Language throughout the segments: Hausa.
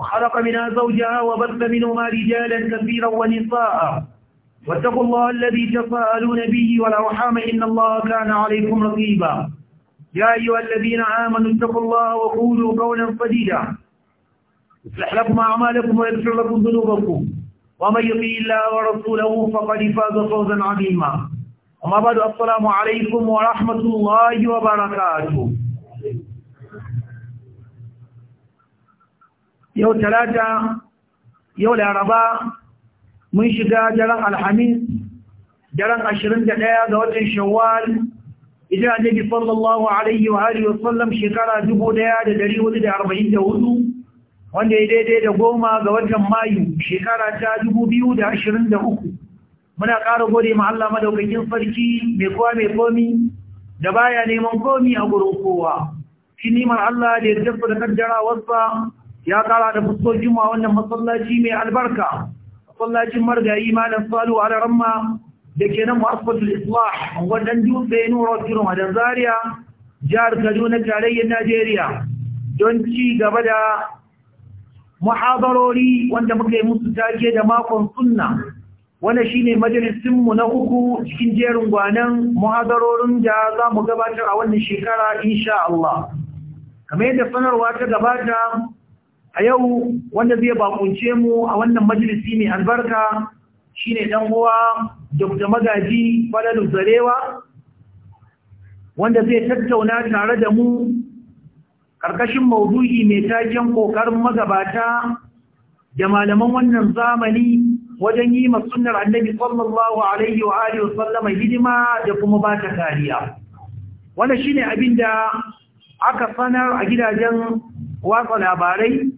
وخلق منها زوجها وبث منهما رجالا كثيرا ونساء واتقوا الله الذي تساءلون به والأرحام إن الله كان عليكم رقيبا يا أيها الذين آمنوا اتقوا الله وقولوا قولا صديدا يصلح لكم أعمالكم ويغفر لكم ذنوبكم ومن يطيع الله ورسوله فقد فاز فوزا عظيما أما بعد السلام عليكم ورحمة الله وبركاته yau talata yau laraba mun shiga daren alhamis daren ashirin da ɗaya ga watan shawwal idan annabi sallallahu alaihi wa alihi wa sallam shekara dubu ɗaya da dari hudu da arba'in da hudu wanda ya daidai da goma ga watan mayu shekara ta dubu biyu da ashirin da uku muna ƙara gode ma Allah madaukakin sarki mai kowa mai komi da baya neman komi a gurin kowa shi ma Allah da ya tafi da kaddara wasa ya kara da fuskar juma'a wannan masallaci mai albarka masallacin margayi malam salu ala ramma da ke nan mu'assatul islah wannan dutse nura kiro madan zariya jihar kaduna tarayyar najeriya don ci gaba da muhadarori wanda muka yi musu take da makon sunna wannan shine majalisinmu na uku cikin jerin gwanan muhadarorin da za mu gabatar a wannan shekara insha Allah kamar yadda sanarwa ta gabata a yau wanda zai bakunce mu a wannan majalisi mai albarka shine dan uwa Dr. Magaji Falalu Zarewa wanda zai tattauna tare da mu ƙarƙashin maudu'i mai taken ƙoƙarin magabata da malaman wannan zamani wajen yi ma sunnar Annabi sallallahu alaihi wa alihi wasallam hidima da kuma ba ta kariya wannan shine abinda aka sanar a gidajen watsa labarai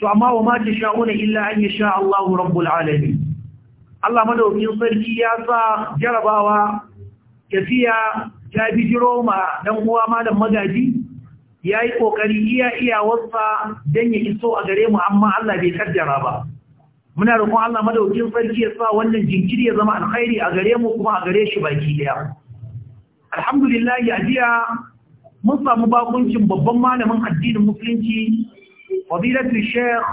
to amma wa ma sha'una illa an yasha Allahu rabbul alamin Allah madaukin sarki ya sa jarabawa tafiya ta bijiro ma dan uwa malam magaji yayi kokari iya iya wasa dan ya iso a gare mu amma Allah bai kaddara ba muna roƙon Allah madaukin sarki ya sa wannan jinkiri ya zama alkhairi a gare mu kuma a gare shi baki daya alhamdulillah ya jiya mun samu bakuncin babban malamin addinin musulunci fadilatu sheikh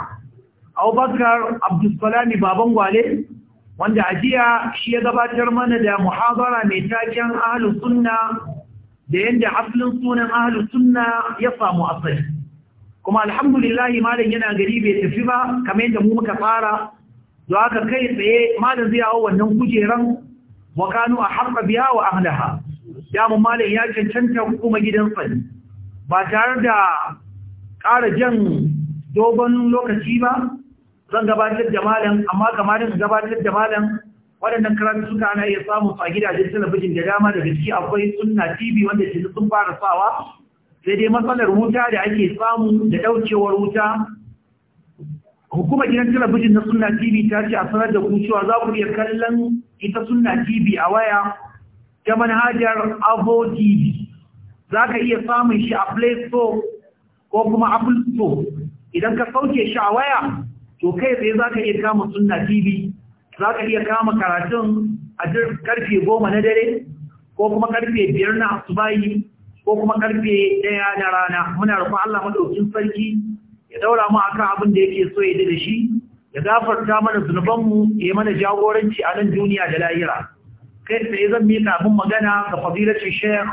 abubakar abdulsalami baban gwale wanda a jiya shi ya gabatar mana da muhabara mai taken ahalus sunna da yadda asalin sunan ahalus sunna ya samu asali kuma alhamdulillahi malam yana gari bai tafi ba kamar yadda mu muka fara da haka kai tsaye malam zai hawo wannan kujeran wa kanu a harka biya wa ahlaha damun malam ya cancanta kuma gidan sani ba tare da ƙara jan dogon lokaci ba zan gabatar da malam amma kamar da gabatar da malam waɗannan karatu suka ana iya samu a gidajen talabijin da dama da gaske akwai sunna tv wanda ke sun fara sawa sai dai matsalar wuta da ake samu da ɗaukewar wuta hukumar gidan talabijin na sunna tv ta ce a sanar da ku cewa za ku iya kallon ita sunna tv a waya ta manhajar avo tv za ka iya samun shi a play store ko kuma apple store idan ka sauke shi a waya to kai sai zaka iya kama sunna tv zaka iya kama karatun a karfe goma na dare ko kuma karfe biyar na asubahi ko kuma karfe ɗaya na rana muna rufa allah maɗaukin sarki ya daura mu akan abin da yake so ya da shi ya gafarta mana zunuban mu, ya mana jagoranci a nan duniya da lahira kai sai zan mika abin magana ga fadilatu sheikh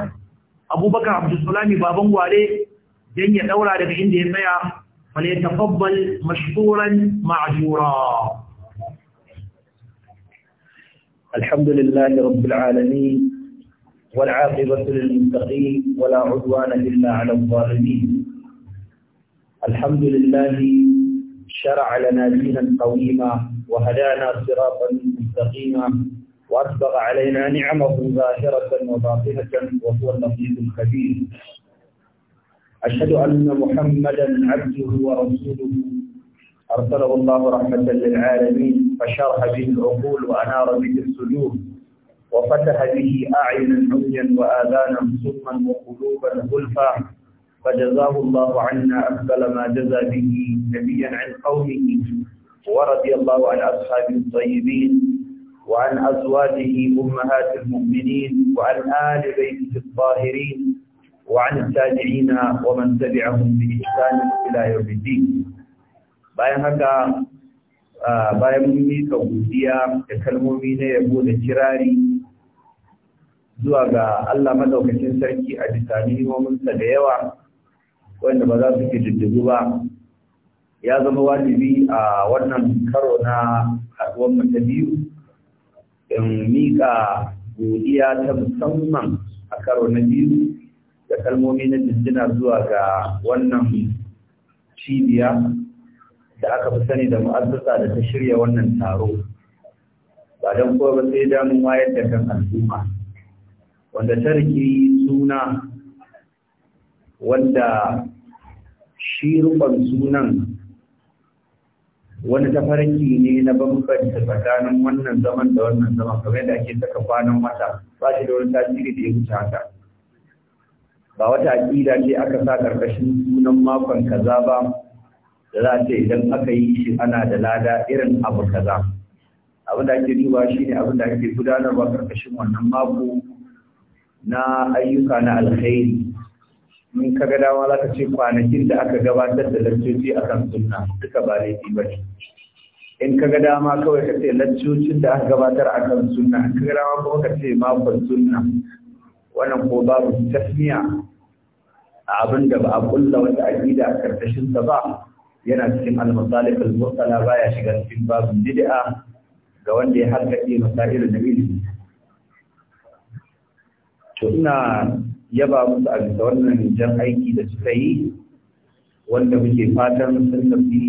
abubakar abdulsalami baban gware don ya daura daga inda ya tsaya فليتفضل مشكورا معجورا الحمد لله رب العالمين والعاقبة للمتقين ولا عدوان إلا على الظالمين الحمد لله شرع لنا دينا قويما وهدانا صراطا مستقيما وأسبغ علينا نعمه ظاهرة وباطنة وهو اللطيف الخبير أشهد أن محمدا عبده ورسوله أرسله الله رحمة للعالمين فشرح به العقول وأنار به السجود وفتح به أعين عميا وآذانا سما وقلوبا غلفا فجزاه الله عنا أقبل ما جزى به نبيا عن قومه ورضي الله عن أصحابه الطيبين وعن أزواجه أمهات المؤمنين وعن آل بيته الطاهرين وعن التابعين ومن تبعهم بإحسان إلى يوم الدين bayan haka bayan mun mika godiya da kalmomi na yabo da kirari zuwa ga Allah madaukakin sarki a bisa nihimominsa da yawa wanda ba za su ke jiddigu ba ya zama wajibi a wannan karo na haɗuwar mu ta biyu in miƙa godiya ta musamman a karo na biyu da kalmomi na dindina zuwa ga wannan cibiya da aka fi sani da mu'assasa da ta shirya wannan taro ba don kowa ba sai damun wayar da kan al'umma wanda ta riki suna wanda shi sunan wani tafarki ne na bambanta tsakanin wannan zaman da wannan zaman kamar yadda ake saka kwanan wata ba shi da wani tasiri da ya wuce haka ba wata aƙida ce aka sa ƙarƙashin sunan makon kaza ba da za ta idan aka yi shi ana da lada irin abu kaza abin da ake duba shi ne abin da ake gudanarwa ƙarƙashin wannan mako na ayyuka na alkhairi in ka ga dama za ka ce kwanakin da aka gabatar da lantoci a kan sunna duka ba laifi ba ne in ka ga dama kawai ka ce lantocin da aka gabatar a kan sunna in ka ga dama kuma ka ce makon sunna wannan ko babu tasmiya a abin da ba a kulla wata aqida a karkashin ba yana cikin al masalik al-mursala baya shiga cikin babu bid'a ga wanda ya harkace masail nabi to ina yaba musu a bisa wannan jan aiki da suka yi wanda muke fatan sun tafi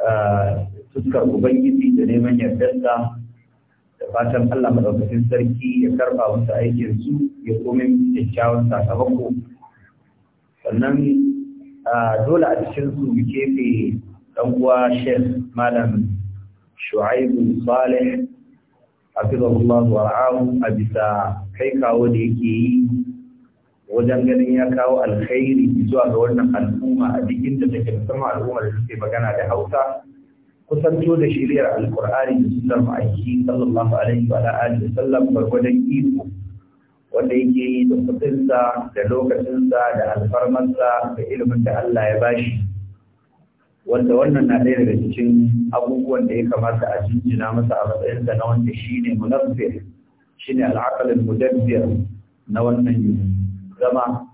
ah, fuskar ubangiji da neman yardarsa da fatan Allah madaukakin sarki ya karba musu aikin su ya komin kyakkyawan sakamako sannan dole a cikin su kefe dan uwa Sheikh Malam Shu'aibu Saleh hafizahullah wa ra'ahu a bisa kai kawo da yake yi wajen ganin ya kawo alkhairi zuwa ga wannan al'umma a duk inda take sama al'ummar da suke magana da Hausa kusanto da shiriyar alkur'ani da sunan ma'aiki sallallahu alaihi wa alihi wa sallam gwargwadon iko wanda yake yi da kudinsa da lokacinsa da alfarmarsa da ilimin da Allah ya bashi wanda wannan na ɗaya da cikin abubuwan da ya kamata a jinjina masa a matsayinsa na wanda shi ne munaffir shi ne mudabbir na wannan zama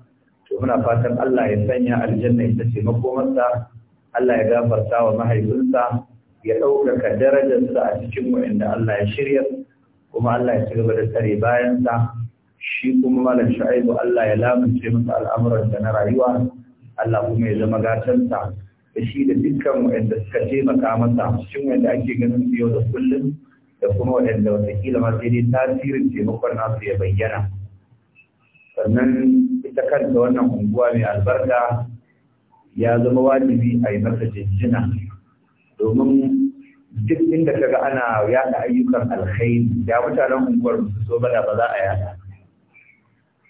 to muna fatan Allah ya sanya aljanna ita ce makomarsa Allah ya gafarta wa mahaifinsa ya ɗaukaka darajarsa a cikin wa'inda Allah ya shirya kuma Allah ya ci gaba da tsari bayansa shi kuma malam sha'ibu Allah ya lamunce masa al'amuransa na rayuwa Allah kuma ya zama gatansa da shi da dukkan wa'inda suka taimaka masa cikin wa'inda ake ganin su yau da kullum da kuma wa'inda watakila ma sai dai tasirin taimakon nasu ya bayyana sannan ita kanta wannan unguwa mai albarka ya zama wajibi a yi masa jinjina domin duk inda kaga ana yada ayyukan alkhairi da mutanen unguwar su so bada ba za a yada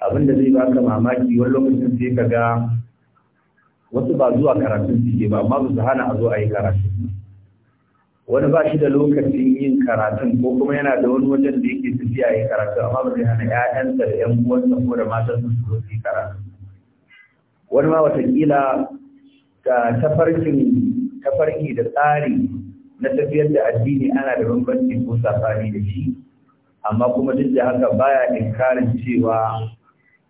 abin da zai baka mamaki wani lokacin sai kaga wasu ba zuwa karatun suke ba amma su hana a zo a yi karatu wani ba shi da lokacin yin karatun ko kuma yana da wani wajen da yake tafiya ya karatu amma ba zai hana ƴaƴansa da ƴan uwansa ko da su zo su yi karatu wani ma watakila ta tafarkin farki da tsari na tafiyar da addini ana da bambanci ko safari da shi amma kuma duk da haka baya inkarin cewa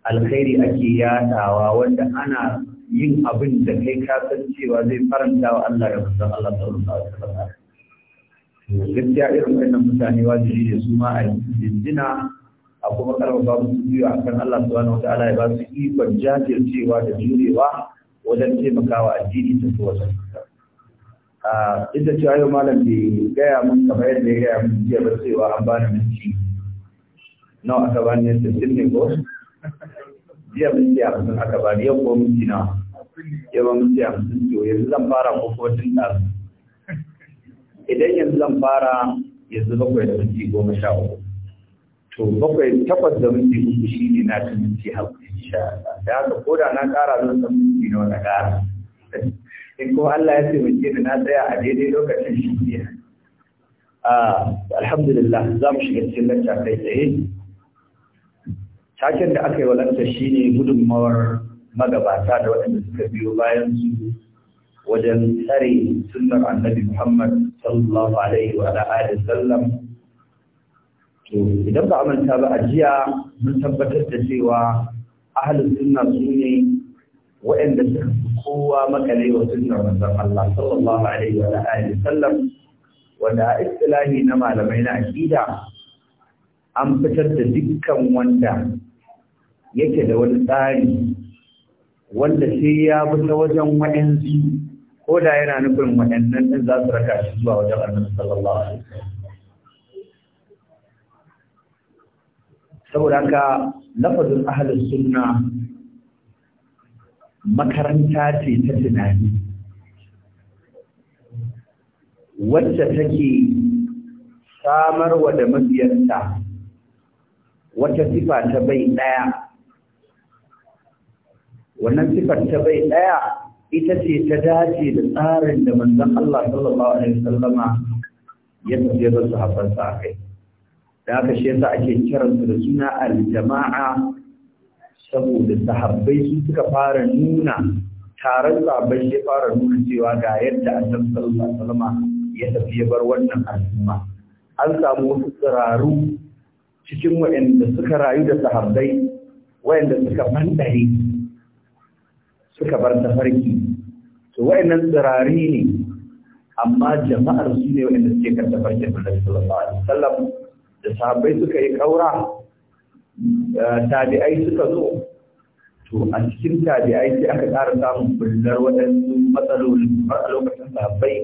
alkhairi ake yatawa wanda ana yin abin da kai ka san cewa zai faranta wa Allah da manzon Allah sallallahu alaihi wasallam gaskiya irin wannan mutane wajibi ne su ma a jinjina a kuma karfafa musu biyu akan Allah subhanahu wataala ya ba su ikon jajircewa da jurewa wajen taimakawa addini ta kowace duk da cewa yau malam bai gaya mun kamar yadda ya gaya mun jiya ba cewa an bani minti nawa aka bani ne sittin ne ko jiya minti hamsin aka bani yau ko minti nawa yau ba minti hamsin to yanzu zan fara ko ko tun da idan yanzu zan fara yanzu bakwai da minti goma sha uku to bakwai takwas da minti uku shi ne na tun minti hamsin insha Allah da haka ko da na ƙara zan san minti nawa na ƙara in ko Allah ya taimake ni na tsaya a daidai lokacin shi ne alhamdulillah za mu shiga cikin lacca kai tsaye taken da aka yi wa lacca ne gudunmawar magabata da waɗanda suka biyo bayan su wajen tsare sunnar annabi Muhammad sallallahu alaihi wa alihi sallam to idan ba amanta ba a jiya mun tabbatar da cewa ahalin sunna su ne waɗanda suka kowa makale wa sunnar manzon Allah sallallahu alaihi wa alihi sallam wanda istilahi na malamai na aqida an fitar da dukkan wanda yake da wani tsari wanda sai ya bi ta wajen wa'ansu ko da yana nufin wa'annan din za su raka shi zuwa wajen Annabi sallallahu alaihi wasallam saboda haka lafazin ahlus sunna makaranta ce ta tunani wacce take samar wa da mabiyarta wata sifa ta bai ɗaya wannan sifar ta bai ɗaya ita ce ta dace da tsarin da manzon Allah sallallahu alaihi wasallama ya tafiye da su a kai da haka shi yasa ake kiransu da suna al-jama'a saboda sahabbai su suka fara nuna taron sahabbai ya fara nuna cewa ga yadda annabi sallallahu alaihi wasallam ya tafi ya bar wannan al'umma an samu wasu tsiraru cikin waɗanda suka rayu da sahabbai waɗanda suka bandare suka bar tafarki to waɗannan tsirari ne amma jama'ar su ne waɗanda suke karɓar tafarki da sallallahu alaihi wasallam da sahabbai suka yi kaura Eh, tabi'ai suka zo to a cikin tabi'ai sai aka ƙara samun bullar waɗansu matsaloli a lokacin sahabbai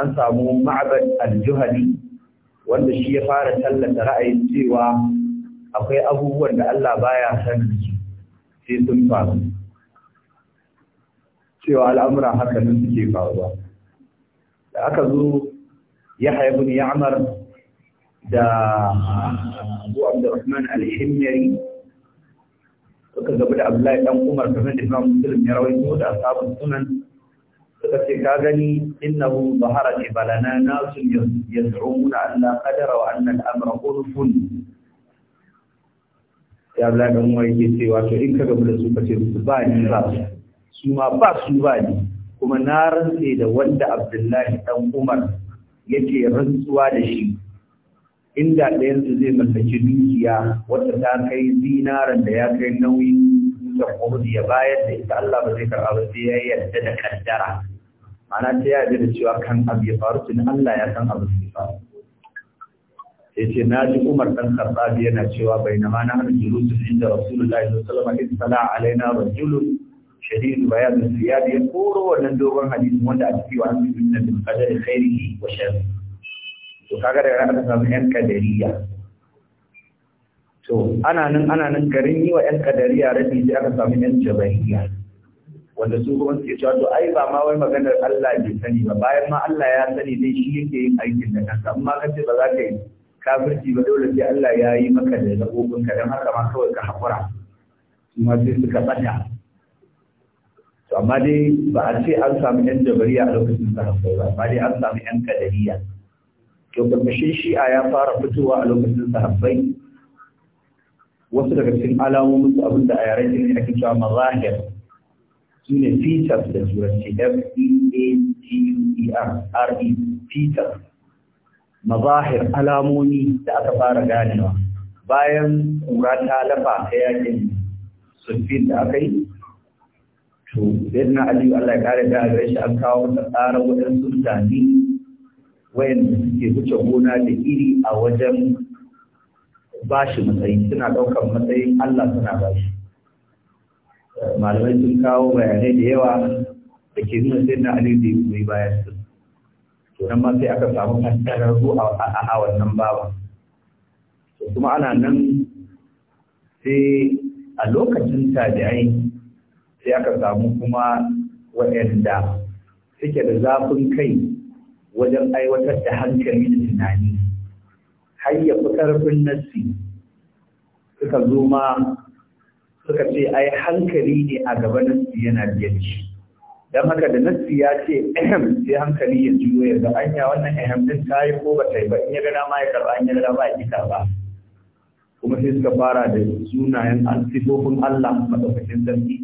an samu ma'abad al wanda shi ya fara tallata ra'ayin cewa akwai abubuwan da Allah baya san su sai sun faru cewa al'amura haka nan suke faruwa da aka zo ya haifu ni ya amar da ah, abu abdurrahman al-himyari suka gaba da abdullahi dan umar kamar da imam muslim ya rawaito da sabon sunan suka ce ka gani innahu zahara ibalana nasun yaz'umuna anna qadara wa anna al-amra urfun ya abdullahi dan umar yake cewa to in ka gaba da su ka ce su ba ni ba su ma ba su ba ni kuma na rantse da wanda abdullahi dan umar yake rantsuwa da shi inda yanzu zai mallaki dukiya wanda ta kai zinaran da ya kai nauyi da kurdi ya bayar da ita Allah ba zai karɓa ba sai ya yarda da kaddara ma'ana ta yarda da cewa kan abu ya faru tun Allah ya san abu zai faru sai ce na ji Umar dan Khattab yana cewa bai na hanu julusun inda Rasulullahi sallallahu alaihi wasallam alaina rajulun shadidu bayan ziyadi ya koro wannan dogon hadisi wanda a cikin wa'an bin qadari khairihi wa sharri to kaga da aka samu yan kadariya to ana nan ana nan garin yi wa yan kadariya rabi sai aka samu yan jabariya wanda su kuma suke cewa to ai ba ma wai maganar Allah bai sani ba bayan ma Allah ya sani dai shi yake yin aikin da kansa amma ka ce ba za ka yi kafirci ba dole sai Allah ya yi maka da zabobin ka dan haka ma kawai ka hakura kuma sai suka tsaya to amma dai ba a ce an samu yan jabariya a lokacin sahabbai ba amma dai an samu yan kadariya to karkashin shi'a ya fara fitowa a lokacin sahabbai wasu daga cikin alamomin su abinda a yaren jini ake cewa mazahir su ne features da turanci f-e-a-t-u-e-r-r-e e e e, features mazahir alamomi da aka fara ganewa bayan kura ta lafa ta yakin sulfin da aka yi to sai na aliyu allah ya kare da a gare shi an kawo masa tsarin waɗansu mutane wayanda ke wuce gona da iri a wajen bashi matsayi suna ɗaukar matsayin Allah suna bashi malamai sun kawo bayanai da yawa da ke nuna sai na Ali mai bayan su to nan ma sai aka samu kantararru a wannan baban kuma ana nan sai a lokacin tabi'ai sai aka samu kuma waɗanda suke da zafin kai wajen aiwatar da hankali da tunani har ya fi ƙarfin nassi suka zo ma suka ce ai hankali ne a gaba nassi yana biyarci don haka da nassi ya ce ehem sai hankali ya juyo ya ga anya wannan ehem din ta yi ko ba ta yi ba in ya gada ma ya karɓa in ya gada ma ya kika ba kuma sai suka fara da sunayen sifofin Allah maɗaukacin sarki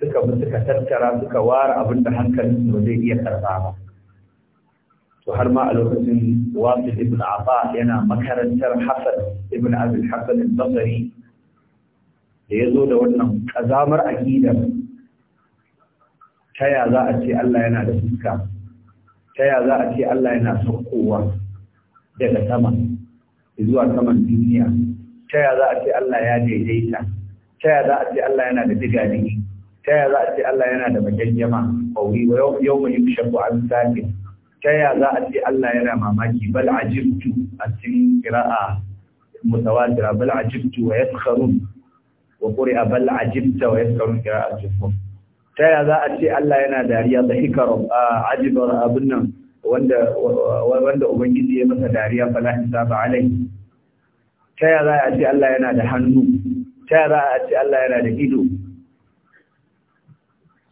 suka bi suka tattara suka ware abin da hankalin su ba zai iya karɓa ba to har ma a lokacin wasu ibn Afa yana makarantar Hassan ibn Abdul Hassan al da ya zo da wannan kazamar aƙidar ta ya za a ce Allah yana da fuska ta ya za a ce Allah yana saukowa daga sama zuwa saman duniya ta ya za a ce Allah ya daidaita ta ya za a ce Allah yana da digadigi ta ya za a ce Allah yana da majajjama ƙauri wa yau mai yi shafu an sakin ta ya za a ce Allah yana mamaki bal ajibtu a cikin qira'a mutawatira bal ajibtu wa yaskharun wa qur'a bal ajibta wa yaskharun qira'a jumhur ta ya za a ce Allah yana dariya da a ajibar abin nan wanda wanda ubangiji ya masa dariya fala hisaba alai ta ya za a ce Allah yana da hannu ta ya za a ce Allah yana da ido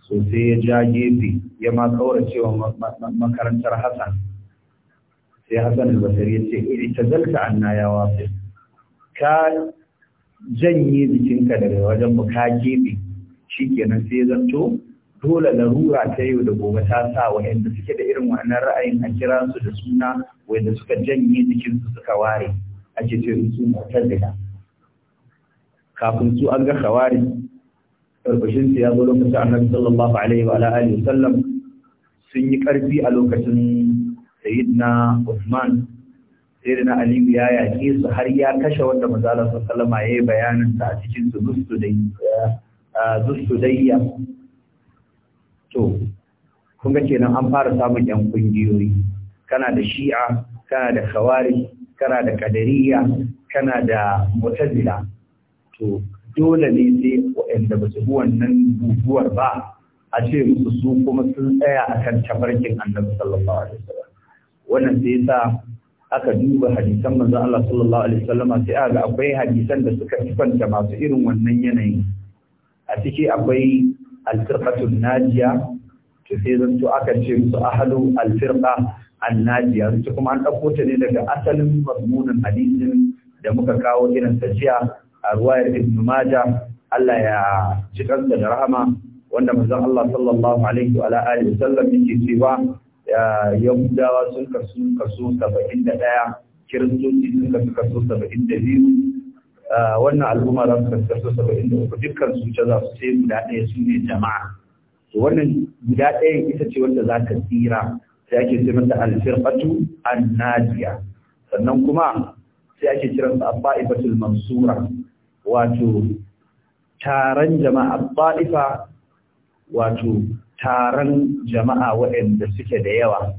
so sai ya ja gefe ya ma cewa makarantar Hassan sai Hassan al-Basri ya ce tazalta anna ya wafi ka janye jikinka daga wajen mu ka gebe shikenan sai zanto dole larura ta yau da gobe ta sa wa'anda suke da irin wannan ra'ayin a kira su da suna wanda suka janye su suka ware ake ce su mu'tazila kafin su an ga khawari karbashin su ya zo lokacin annabi sallallahu alaihi wa alihi sallam sun yi ƙarfi a lokacin Sayyidina Usman Sayyidina Aliyu ya yaƙe su har ya kashe wanda manzala sallama ya yi bayanin ta a cikin su zustudayya eh, eh, to kun ga kenan an fara samun yan kungiyoyi kana da shi'a kana da khawari kana da kadariya kana da mutazila to dole ne sai waɗanda ba su wannan guguwar ba a ce musu su kuma sun tsaya a kan tafarkin annabi sallallahu alaihi wasallam wannan sai yasa aka duba hadisan manzon Allah sallallahu alaihi wasallam sai aka akwai hadisan da suka kwanta masu irin wannan yanayin a ciki akwai al-firqatun najiya to sai zan to aka ce musu ahadu al-firqa an-najiya to kuma an dauko ta ne daga asalin mazmunin hadisin da muka kawo irin ta a ruwayar Ibn Majah Allah ya ji da rahama wanda manzon Allah sallallahu alaihi wa alihi wasallam yake cewa Yahudawa sun kasu kaso 71 Kiristoci sun kasu kaso 72 wannan al'umma za su kasu kaso 73 dukkan su ce za su ce guda ɗaya su ne jama'a to wannan guda ɗaya ita ce wanda za ta tsira sai ake ce mata al-firqatu an-nadiya sannan kuma sai ake kiransa abba'ifatul mansura wato taron jama'a ba'ifa wato taron jama'a waɗanda suke da yawa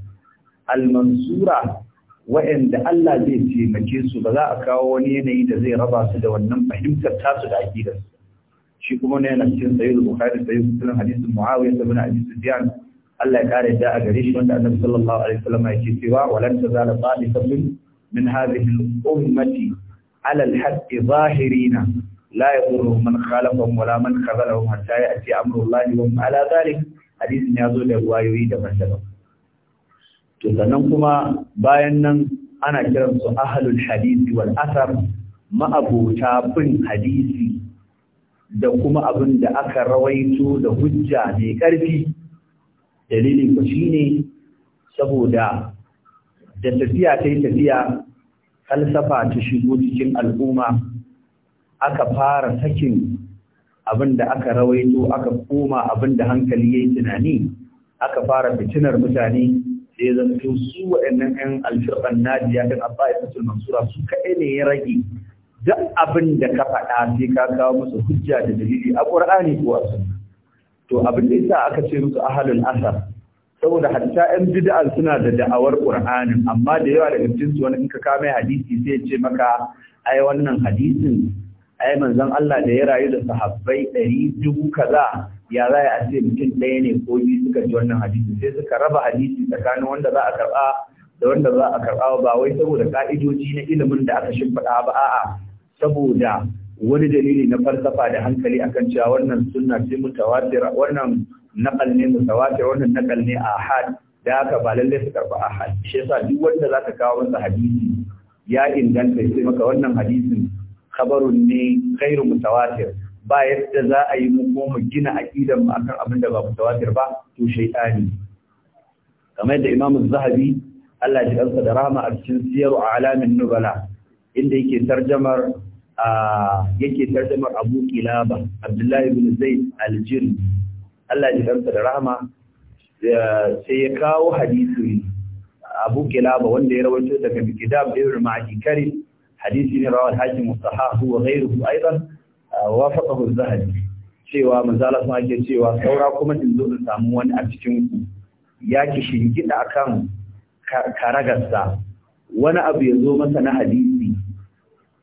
almansura waɗanda Allah zai taimake su ba za a kawo wani yanayi da zai raba su da wannan fahimtar tasu da aƙidar shi kuma ne yana cikin sayyid bukhari sayyid muslim hadisin muawiya muna abi biyan. Allah ya kare da a gare shi wanda annabi sallallahu alaihi wasallam ya ce cewa walan tazala sabbin min hadhihi al-ummati ala al-haqqi zahirina la yadurru man khalafahum wala man khazalahum hatta ya'ti amrullahi wa ala zalik hadisin ya zo da ruwayoyi daban-daban to sannan kuma bayan nan ana kiran su ahlul hadisi wal asar ma'abota bin hadisi da kuma abin da aka rawaito da hujja mai ƙarfi dalili ku shine saboda da tafiya ta tafiya falsafa ta shigo cikin al'umma aka fara sakin abin da aka rawaito aka koma abin da hankali ya yi tunani aka fara fitinar mutane sai zan su waɗannan 'yan alfirqan najiya din abba'isatul mansura su kaɗai ne ya rage duk abin da ka faɗa sai ka kawo musu hujja da dalili a Qur'ani ko a sunna to abin da yasa aka ce musu ahlul asar saboda hatta yan bid'a suna da da'awar ƙur'anin, amma da yawa daga cikin su wani in ka kame hadisi sai ya ce maka ai wannan hadisin ai manzon Allah da ya rayu da sahabbai ɗari dubu kaza ya za a ce mutum ɗaya ne ko biyu suka ji wannan hadisi sai suka raba hadisi tsakanin wanda za a karɓa da wanda za a karɓa ba wai saboda ka'idoji na ilimin da aka shimfiɗa ba a'a saboda wani dalili na falsafa da hankali akan cewa wannan sunna ce mutawatir wannan naqal ne mutawatir wannan naqal ne ahad da haka ba lallai su karɓa ahad shi yasa duk wanda za ka kawo masa hadisi ya inganta sai maka wannan hadisin Kabarun ne kairu mutawatir ba yadda za a yi muku mu gina aqidan mu akan abin da ba mutawatir ba to shaytani kamar yadda Imam Az-Zahabi Allah ya dinsa da rahama a cikin siyaru alamin nubala inda yake tarjamar yake tarjumar Abu Kilaba Abdullah ibn Zaid al-Jin Allah ya dinsa da rahama sai ya kawo hadisi Abu Kilaba wanda ya rawaito daga Kitab ibn Ma'adi hadisi ne rawal hakim mustahahu wa ghayruhu aidan uh, wafaqahu az-zahabi cewa manzala sun ake cewa saura kuma in zo in samu wani a cikin ku ya ki shingida akan karagarsa wani abu ya zo masa na hadisi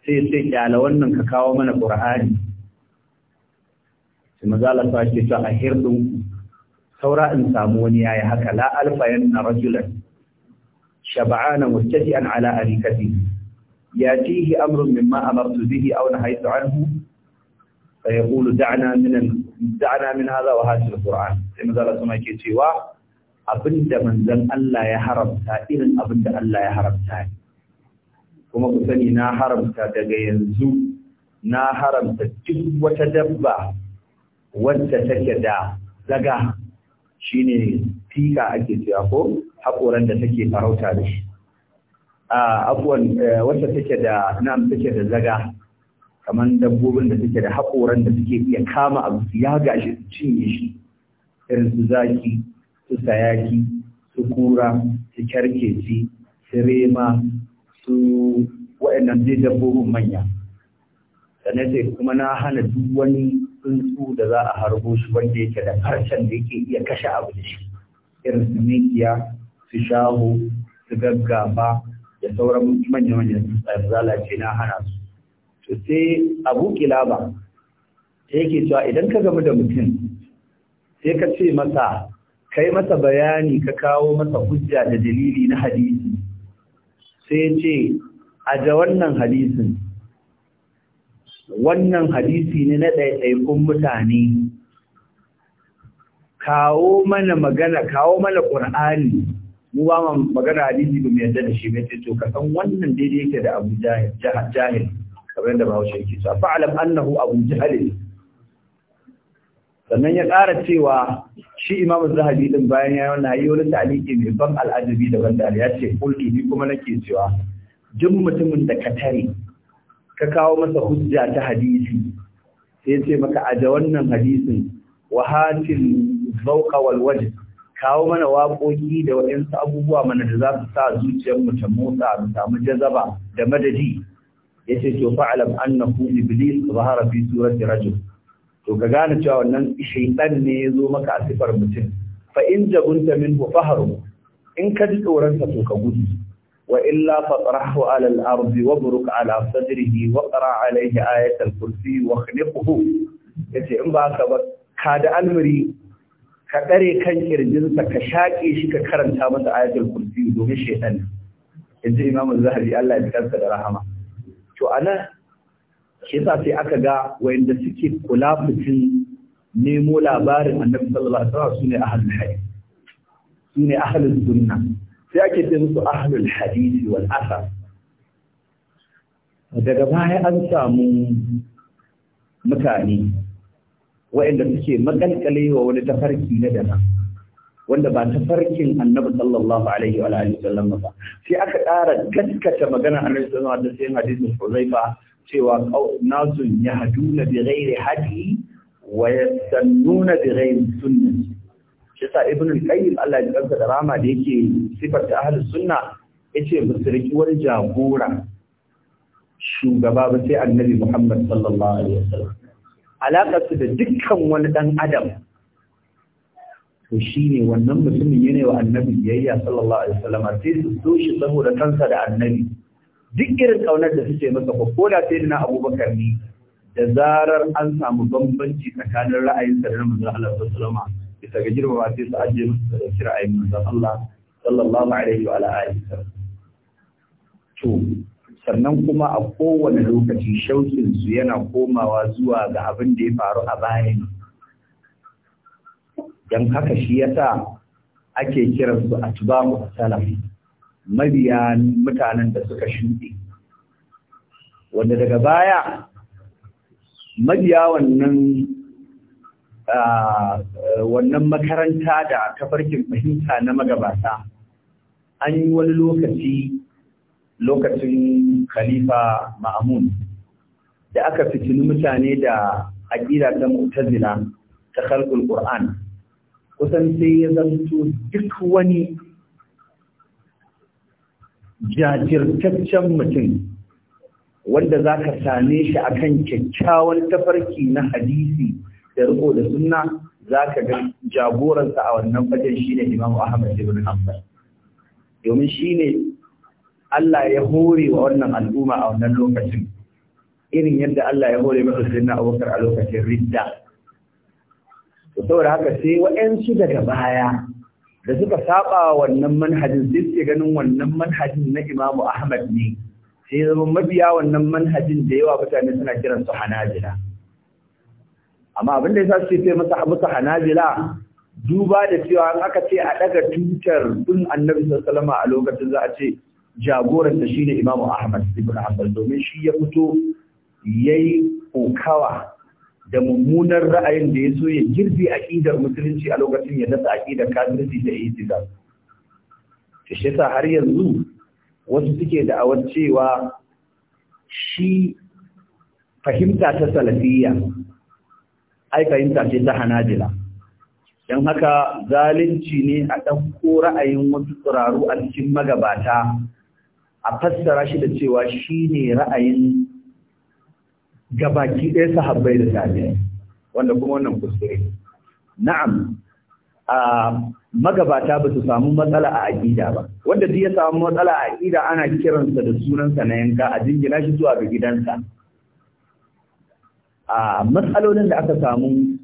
sai sai kyala wannan ka kawo mana qur'ani sai manzala sun ake cewa a hirdin ɗinku. saura in samu wani yayi haka la alfa yanna rajulan shab'ana muttaji'an ala arikatihi ياتيه امر مما امرت به او نهيت عنه فيقول دعنا من دعنا من هذا وهذا القران sai manzala sama cewa abinda manzon Allah ya haramta irin abinda Allah ya haramta ne kuma ku sani na haramta daga yanzu na haramta duk wata dabba wadda take da daga shine fika ake cewa ko hakoran da take farauta da shi abuwan eh, wacce take da nan take da zaga kamar dabbobin da take da haƙoran da suke iya kama abu su yaga su cinye shi irin su zaki su sayaki su kura su kyarkeci su rema su waɗannan zai dabbobin manya sannan sai kuma na hana duk wani tsuntsu da za a harbo shi wanda yake da harshen da yake iya kashe abu da shi irin su mikiya su shaho su gaggaba da sauran manya-manyan zala ce na hana su to sai abu kilaba ta yake cewa idan ka gamu da mutum sai ka ce masa kai masa bayani ka kawo masa hujja da dalili na hadisi sai ya ce a wannan hadisin wannan hadisi ne na ɗaiɗaikun mutane kawo mana magana kawo mana ƙur'ani mu ba mu magana hadisi ba mu yarda da shi ba ce to ka wannan daidai yake da Abu Jahil jahil kamar yadda Bahaushe yake cewa fa'alam annahu Abu Jahil sannan ya kara cewa shi Imam Zahabi din bayan ya wannan yi wani taliki mai ban al'ajabi da wanda ya ce kulki ni kuma nake cewa duk mutumin da ka tare ka kawo masa hujja ta hadisi sai ce maka aje wannan hadisin hatil zawqa wal wajh kawo mana waƙoƙi da waɗansu abubuwa mana da za su sa zuciyarmu ta motsa mu samu jazaba da madadi ya ce to fa'alam annahu iblis zahara fi surati rajul to ka gane cewa wannan shaytan ne ya zo maka a sifar mutum fa in jabunta minhu faharu in ka ji tsoron sa to ka gudu wa illa fatrahu ala al-ardi wabruk ala sadrihi wa qra alayhi ayatul kursi wa khliquhu yace in ba ka ba ka da almuri ka ɗare kan kirjinsa ka shaƙe shi ka karanta masa ayatul kursi domin shaitan in ji imamu zahari Allah ya kansa da rahama to a nan, shi yasa sai aka ga wayanda suke kula fitin nemo labarin annabi sallallahu alaihi wasallam sune ahlul hadith sune sunna sai ake ce musu ahlul hadith wal athar daga baya an samu mutane Wa'inda suke makalkale wa wani tafarki na dana wanda ba tafarkin annabi sallallahu alaihi wa alihi sallam ba sai aka ƙara gaskata magana annabi sallallahu alaihi wasallam da sai hadisin Huzaifa cewa nasun yahduna bi ghairi hadi wa yastannuna bi ghairi sunnah shi sa ibn al-qayyim Allah ya kansa da rama da yake sifarta ahlus sunna yace musulki wani jagora shugaba ba sai annabi Muhammad sallallahu alaihi wa sallam. alaƙarsu da dukkan wani ɗan adam to shi ne wannan mutumin yana wa annabi yayya sallallahu alaihi wasallam sai su so shi saboda kansa da annabi duk irin kaunar da suke masa ko koda sai na abubakar ne da zarar an samu bambanci tsakanin ra'ayinsa da manzon Allah sallallahu alaihi bisa ga girmama sai su aje musu da ra'ayin manzon Allah sallallahu alaihi wa alihi to sannan kuma a kowane lokaci shauƙinsu yana komawa zuwa ga abin da ya faru a baya don haka shi yasa ake kiransu a tubamu salaf mabiya mutanen da suka shuɗe wanda daga baya mabiya wannan wannan makaranta da tafarkin fahimta na magabata an yi wani lokaci lokacin khalifa ma'amun da aka fitini mutane da aƙida ta mu'tazila ta khalqul qur'an kusan sai ya zanto duk wani jajirtaccen mutum wanda za ka same shi a kan kyakkyawan tafarki na hadisi da riko da sunna za ka ga jagoransa a wannan shi shine Imam Ahmad ibn Hanbal domin shine Allah ya hore wa wannan al'umma a wannan lokacin irin yadda Allah ya hore masa sayyidina Abubakar a lokacin ridda to saboda haka sai wa'ansu daga baya da suka saba wannan manhajin sai suke ganin wannan manhajin na Imam Ahmad ne sai zama mabiya wannan manhajin da yawa mutane suna kiran su Hanabila amma abin da yasa suke sai masa musu Hanabila duba da cewa an aka ce a daga tutar din Annabi sallallahu alaihi wasallam a lokacin za a ce shi ne Imam Ahmad ibn Hanbal domin shi ya fito yayi kokawa da mummunar ra'ayin da ya so ya girbe aƙidar musulunci a lokacin ya dasa aƙidar kafirci da ihtidal shi yasa har yanzu wasu suke da'awar cewa shi fahimta ta salafiyya ai fahimta ce ta hanajila don haka zalunci ne a ɗauko ra'ayin wasu tsiraru a cikin magabata a fassara shi da cewa shi ne ra'ayin gabaki ɗaya sahabbai da tabi'ai wanda kuma wannan kuskure na'am a magabata ba su samu matsala a aƙida ba wanda duk ya samu matsala a aƙida ana kiransa da sunansa na yanka a jingina shi zuwa ga gidansa a matsalolin da aka samu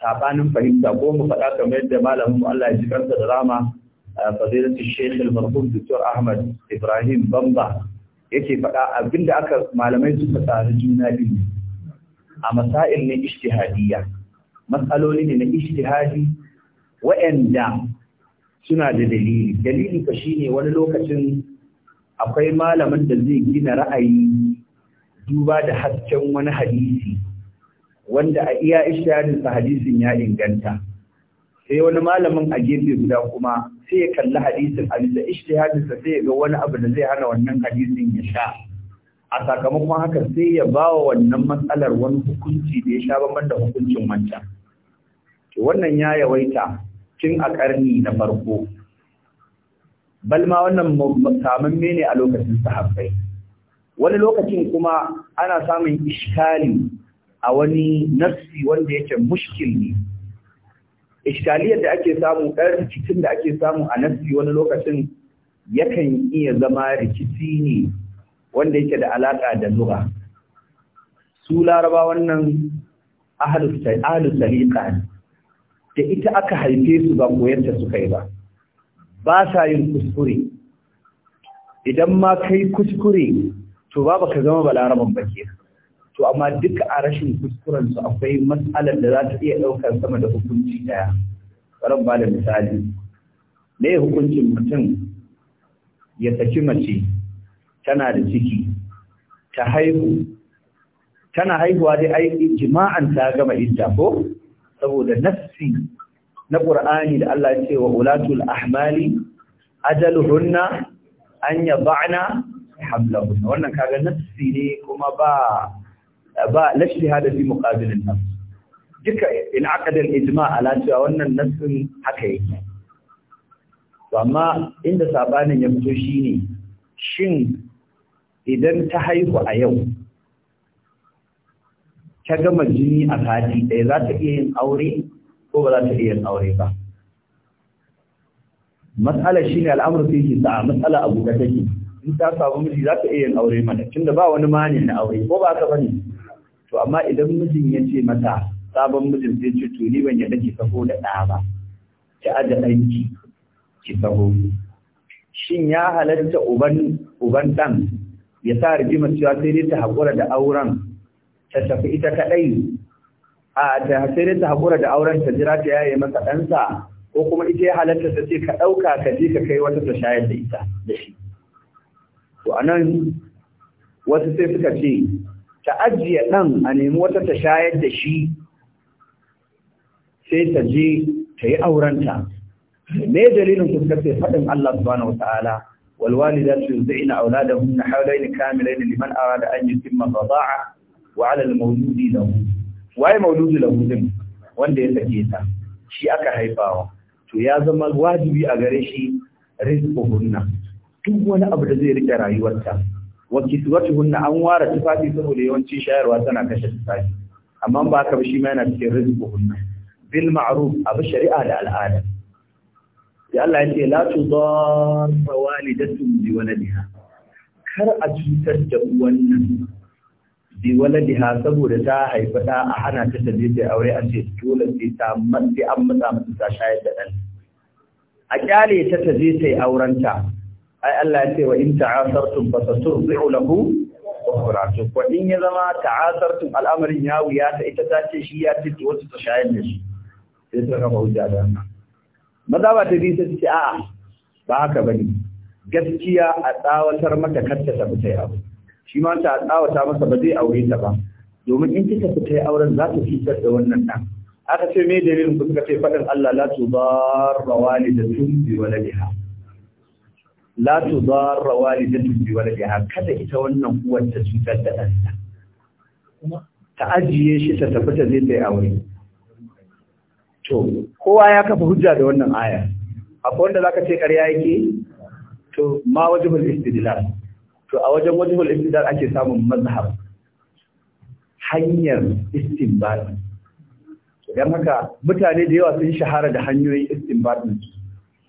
sabanin fahimta ko mu faɗa kamar yadda malamin Allah ya ji kansa da rama fadila shaykh al-marhum Dr. Ahmad Ibrahim Bamba yake faɗa abinda aka malamai suka tsari juna biyu a masail ne ijtihadiyya matsaloli ne na ijtihadi wa'anda suna da dalili dalili ka shine wani lokacin akwai malamin da zai gina ra'ayi duba da hasken wani hadisi wanda a iya ijtihadin sa hadisin ya inganta sai wani malamin a gefe guda kuma sai ya kalli hadisin a bisa ishtihadinsa sai ya ga wani abu da zai hana wannan hadisin ya sha a sakamakon haka sai ya ba wa wannan matsalar wani hukunci da ya sha bamban da hukuncin wancan wannan ya yawaita tun a karni na farko balma wannan samun ne a lokacin sahabbai wani lokacin kuma ana samun ishkali a wani nafsi wanda yake mushkil ne ishkaliyar da ake samu ɗan rikicin da ake samu a nasi wani lokacin yakan iya zama rikici ne wanda yake da alaƙa da lura su laraba wannan ahalu saliqa ne da ita aka haife su ba koyarta su kai ba ba sa yin kuskure idan ma kai kuskure to ba ka zama balaraban ba kenan to amma duka a rashin kuskuren su akwai matsalar da za ta iya ɗaukar sama da hukunci ɗaya bari ba da misali me hukuncin mutum ya saki mace tana da ciki ta haihu tana haihuwa dai aiki jima'an ta gama idda ko saboda nafsi na Qur'ani da Allah ya ce wa ulatul ahmali ajaluhunna an yad'na hablahunna wannan kaga nafsi ne kuma ba ba la da fi muqabil an-nas duka in aqada al-ijma' ala cewa wannan nassin haka yake to amma inda sabanin ya fito shine shin idan ta haihu a yau ta gama jini a kati ɗaya za ta iya yin aure ko ba za ta iya yin aure ba matsalar shi ne al'amur fi shi sa'a matsala abu da take in ta samu miji za ta iya yin aure mana tunda ba wani mani na aure ko ba ka bane to amma idan mijin ya ce mata sabon mijin zai ce to ni ban yadda ki saho da ɗa ba ki aje ɗanki ki saho shin ya halatta uban uban dan ya sa rigima cewa sai dai ta haƙura da auren ta tafi ita kaɗai a ta sai dai ta haƙura da auren ta jira ta yaye masa ɗansa ko kuma ita ya halatta ta ce ka ɗauka ka je ka kai wata ta shayar da ita da shi to anan wasu sai suka ce ta ajiye ɗan a nemi wata ta shayar da shi sai ta je ta yi aurenta me dalilin kuskar sai faɗin Allah subhanahu wa ta'ala والوالدات يرضعن أولادهن حولين كاملين لمن أراد أن يتم mauludi da المولود له waye mauludu da din wanda ya sake ta shi aka haifawa to ya zama wajibi a gare shi hunna. duk wani abu da zai rike rayuwarta wa kiswatuhunna an ware tufafi saboda yawancin shayarwa tana kashe tufafi amma ba ka ba shi ma yana cikin hunna bil ma'ruf abu shari'a da al'ada ya Allah ya ce la tudar walidatu bi waladiha kar a cutar da wannan bi waladiha saboda ta haifa da a hana ta taje da aure a ce dole sai ta matsi an matsa mata ta shayar da ɗan a kyale ta taje ta yi aurenta ai Allah ya ce wa in ta'asartum fasaturdi'u lahu ukhra to ko in ya zama ta'asartum al'amarin ya wuya ta ita ta ce shi ya ce wasu ta shayar da shi sai ta kafa hujja da wannan maza ba ta bi ta ce a'a ba haka bane gaskiya a tsawatar mata karta ta tafi ta abu shi ma ta tsawata masa ba zai aure ta ba domin in kika fita yi auren za ta fitar da wannan ɗan aka ce me dalilin ku suka ce faɗin Allah la tudarra walidatun bi waladiha la tudarra walidatu bi waladiha kada ita wannan uwar ta cutar da ɗanta ta ajiye shi ta tafi ta zai ta aure to kowa ya kafa hujja da wannan aya akwai wanda zaka ce ƙarya yake to ma wajibul istidlal to a wajen wajibul istidlal ake samun mazhab hanyar istinbat dan haka mutane da yawa sun shahara da hanyoyin istinbat su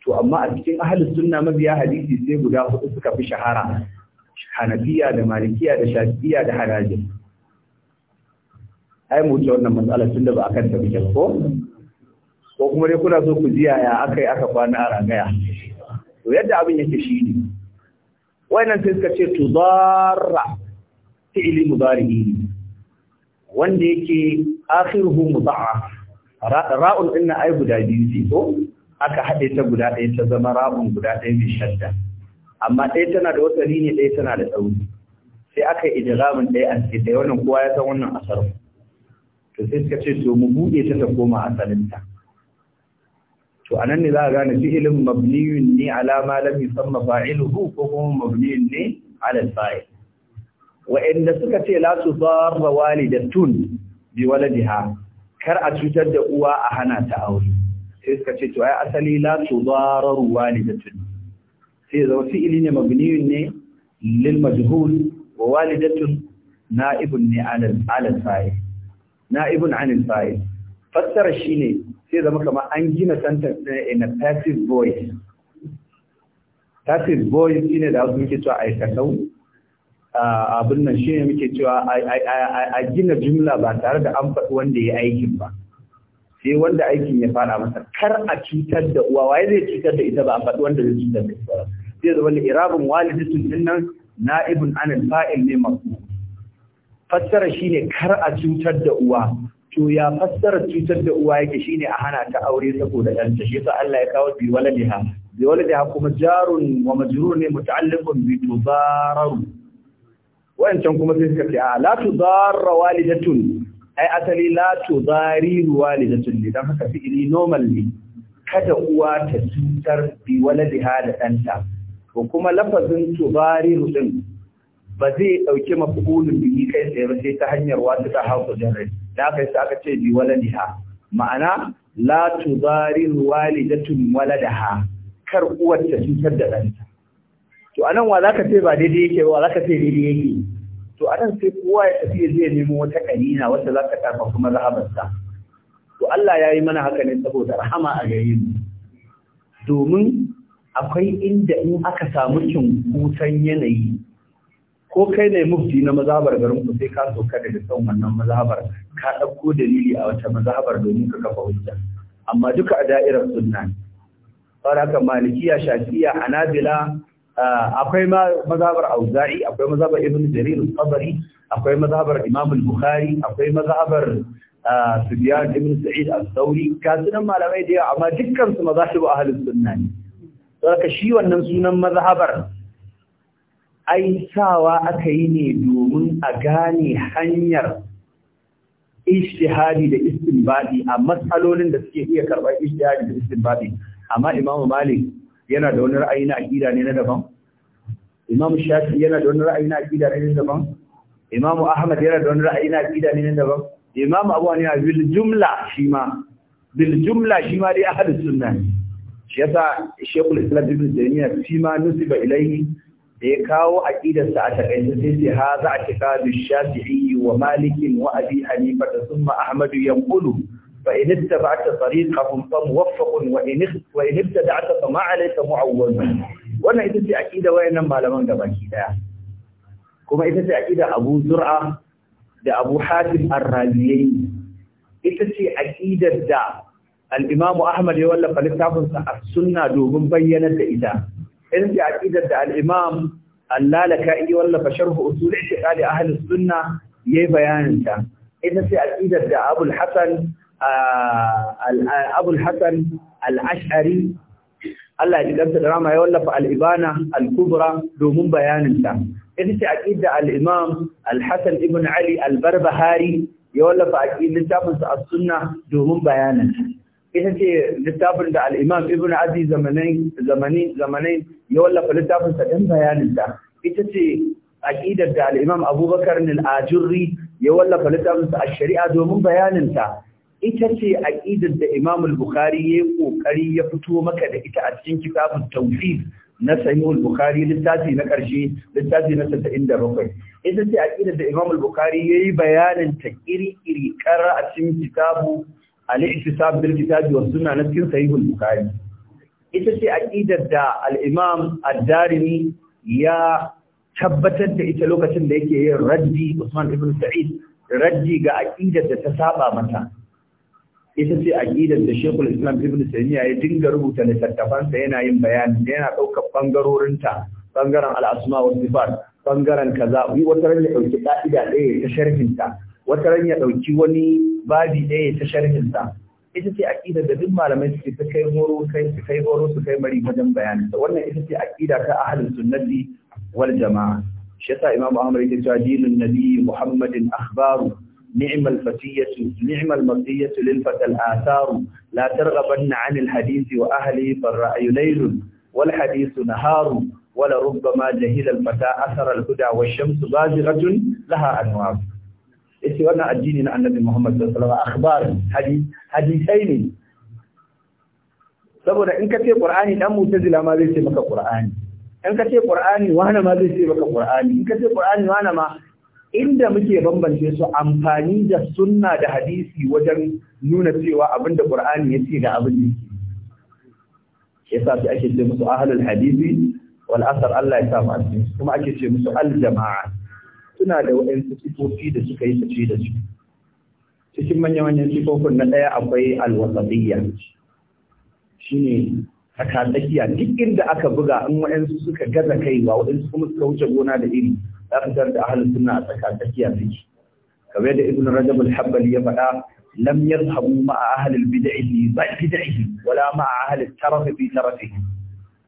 to amma a cikin ahlus sunna mabiya hadisi sai guda hudu suka fi shahara hanafiya da malikiya da shafi'iya da harajin ai mu ce wannan matsalar tunda ba akan ta muke ko ko kuma dai kuna so ku ji yaya akai aka kwana a ragaya to yadda abin yake ne wannan sai suka ce tudarra fi'li mudari'i wanda yake akhiruhu mudaf ra'un inna ai guda biyu ce ko aka haɗe ta guda ɗaya ta zama ramin guda ɗaya mai shadda amma ɗaya tana da wasari ne ɗaya tana da tsauri sai aka yi idiramin ɗaya an ce ɗaya wannan kowa ya san wannan asar to sai suka ce to mu buɗe ta ta koma asalinta to anan ne za a gane fi'ilin mabniyun ne ala ma lam yusamma fa'iluhu ko kuma mabniyun ne ala fa'il wa'anda suka ce la tudarra walidatun bi waladiha kar a cutar da uwa a hana ta aure sai suka ce to ai asali la tudararu walidatun sai zama fi'ili ne mabniyun ne lil majhul wa walidatun na'ibun ne alal alal fa'il na'ibun anil fa'il fassara shine sai zama kamar an gina sentence ne in a passive voice passive voice shine da wasu muke cewa ai kasau abin nan shine muke cewa a gina jumla ba tare da an faɗi wanda ya yi aikin ba sai wanda aikin ya fara masa kar a cutar da uwa waye zai cutar da ita ba a faɗi wanda zai cutar da ita sai zama irabun sun din nan na'ibun anil fa'il ne masu fassara shine kar a cutar da uwa to ya fassara cutar da uwa yake shine a hana ta aure saboda ɗanta shi yasa Allah ya kawo bi waladiha bi waladiha kuma jarun wa majrur ne muta'alliqun bi tudararu wa'ancan kuma sai suka ce a la tudarra walidatun ai asali la tudari ruwa ne don haka fi normal ne kada uwa ta cutar bi wala da ɗanta ko kuma lafazin tudari din ba zai dauke mafulun bi kai sai ba sai ta hanyar wata ta hausa rai da kai sai aka ce bi ha" ma'ana la wala da ha. kar uwar ta cutar da ɗanta to anan wa zaka ce ba daidai yake ba zaka ce daidai yake to a nan sai kowa ya tafi zai nemo wata karina wanda za ka karfa kuma zahabarsa to Allah ya yi mana haka ne saboda rahama a gare mu domin akwai inda in aka samu cinkusan yanayi ko kai ne mufti na mazabar garin ku sai ka sauka da son wannan mazhabar ka ɗauko dalili a wata mazabar domin ka kafa hujja amma duka a da'irar sunna ne saboda haka malikiya shafiya anabila Ah, akwai mazhabar auza'i akwai mazhabar ibn jarir al-tabari akwai mazhabar imam al-bukhari akwai mazhabar ah, sufyan ibn sa'id al-thawri kasunan malamai da yawa amma dukkan su mazhabu ahlus sunna ne saboda shi wannan sunan mazhabar ai sawa aka yi ne domin a gane hanyar ishtihadi da istinbadi a matsalolin da suke iya karɓar ishtihadi da istinbadi amma imam malik yana da wani ra'ayi na aqida ne na daban Imam Shafi yana da wani ra'ayi na aqida ne na daban Imam Ahmad yana da wani ra'ayi na aqida ne na daban Imam Abu Hanifa bil jumla shi ma bil jumla shi ma dai ahlus sunna ne shi yasa Sheikhul Islam Ibn Taymiyyah shi ma nusiba ilayhi da ya kawo aqidarsa a takaice sai sai haza a kitabu Shafi'i wa Malik wa Abi Hanifa da summa Ahmad yanqulu فإن اتبعت طريقهم فموفق وإن ابتدعت فما عليك معول wannan ita ce akida wayannan malaman gabaki daya kuma ita ce akida Abu Zur'a da Abu Hatim Ar-Razi ita ce akidar da al-Imam Ahmad ya wallafa littafin sa As-Sunna domin bayyanar da ita ita ce akidar da al-Imam Al-Lalaka'i ya wallafa Sharh Usul I'tiqad Ahli Sunna yayi bayanin ta ita ce akidar da Abu Hasan abul hassan Al al'ashari Allah ya ɗanta da rama ya wallafa Al-Ibana, al-kubra domin bayaninta. Ita ce aƙidda al'imam al-Hassan ibn Ali al-Barbahari ya wallafa aƙidin littafinsa a sunna domin bayaninta. Ita ce littafin da imam ibn Azi zamanai ya wallafa littafin littafinsa don bayaninta. Ita ce aƙidar da Al-Imam Abubakar al Ajurri ya wallafa littafinsa a shari'a domin bayaninta. ita ce aƙidar da Imam al-Bukhari ya ƙoƙari ya fito maka da ita a cikin kitabun tawhid na al Bukhari littafi na ƙarshe, littafi na 77 ita ce aqidar da Imam al-Bukhari yi bayanin ta iri-iri a cikin kitabu al-Ihtisab bil Kitabi wa Sunna na cikin al Bukhari ita ce aqidar da al-Imam ad-Darimi ya tabbatar da ita lokacin da yake yin raddi Usman ibn Sa'id raddi ga aqidar da ta saba mata ita ce aqidar da Sheikhul Islam Ibn Taymiyyah ya dinga rubuta littattafansa yana yin bayani yana daukar bangarorinta bangaren al-asma wa sifat bangaren kaza wata ran ya dauki ka'ida ɗaya ta sharhinta wata ran ya dauki wani babi ɗaya ta sharhinta ita ce aqidar da duk malamai suke ta kai horo kai su kai su kai mari wajen bayanin wannan ita ce aqida ta ahlus sunnati wal jama'a shi yasa Imam Ahmad yake cewa dinin Nabi Muhammadin akhbaru نعم الفتية نعم المطية للفتى الآثار لا ترغبن عن الحديث وأهله فالرأي ليل والحديث نهار ولربما جهل الفتى أثر الهدى والشمس بازغة لها أنوار إسي أنا أديني عن النبي محمد صلى الله عليه وسلم أخبار حديث حديثين سبب إن كتير قرآن أم تزل ما بيسي مكا قرآن إن كتير قرآن وانا ما بيسي مكا قرآن إن كتير قرآن وانا ما inda muke bambance su amfani da sunna da hadisi wajen nuna cewa abin da Qur'ani ya ce ga abin da yake sa ake ce musu ahlul hadisi wal asar Allah ya samu mu kuma ake ce musu al suna da waɗansu sifofi da suka yi fice da su cikin manya-manyan sifofin na ɗaya akwai al wasatiyya shine tsaka tsakiya duk inda aka buga in waɗansu suka gaza kaiwa waɗansu kuma suka wuce gona da iri za da ahalin suna a tsakatsakiya suke kamar yadda ibn rajab al-habbali ya faɗa lam yadhhabu ma'a ahli al ba bid'ah wala ma'a ahli al bi tarafihi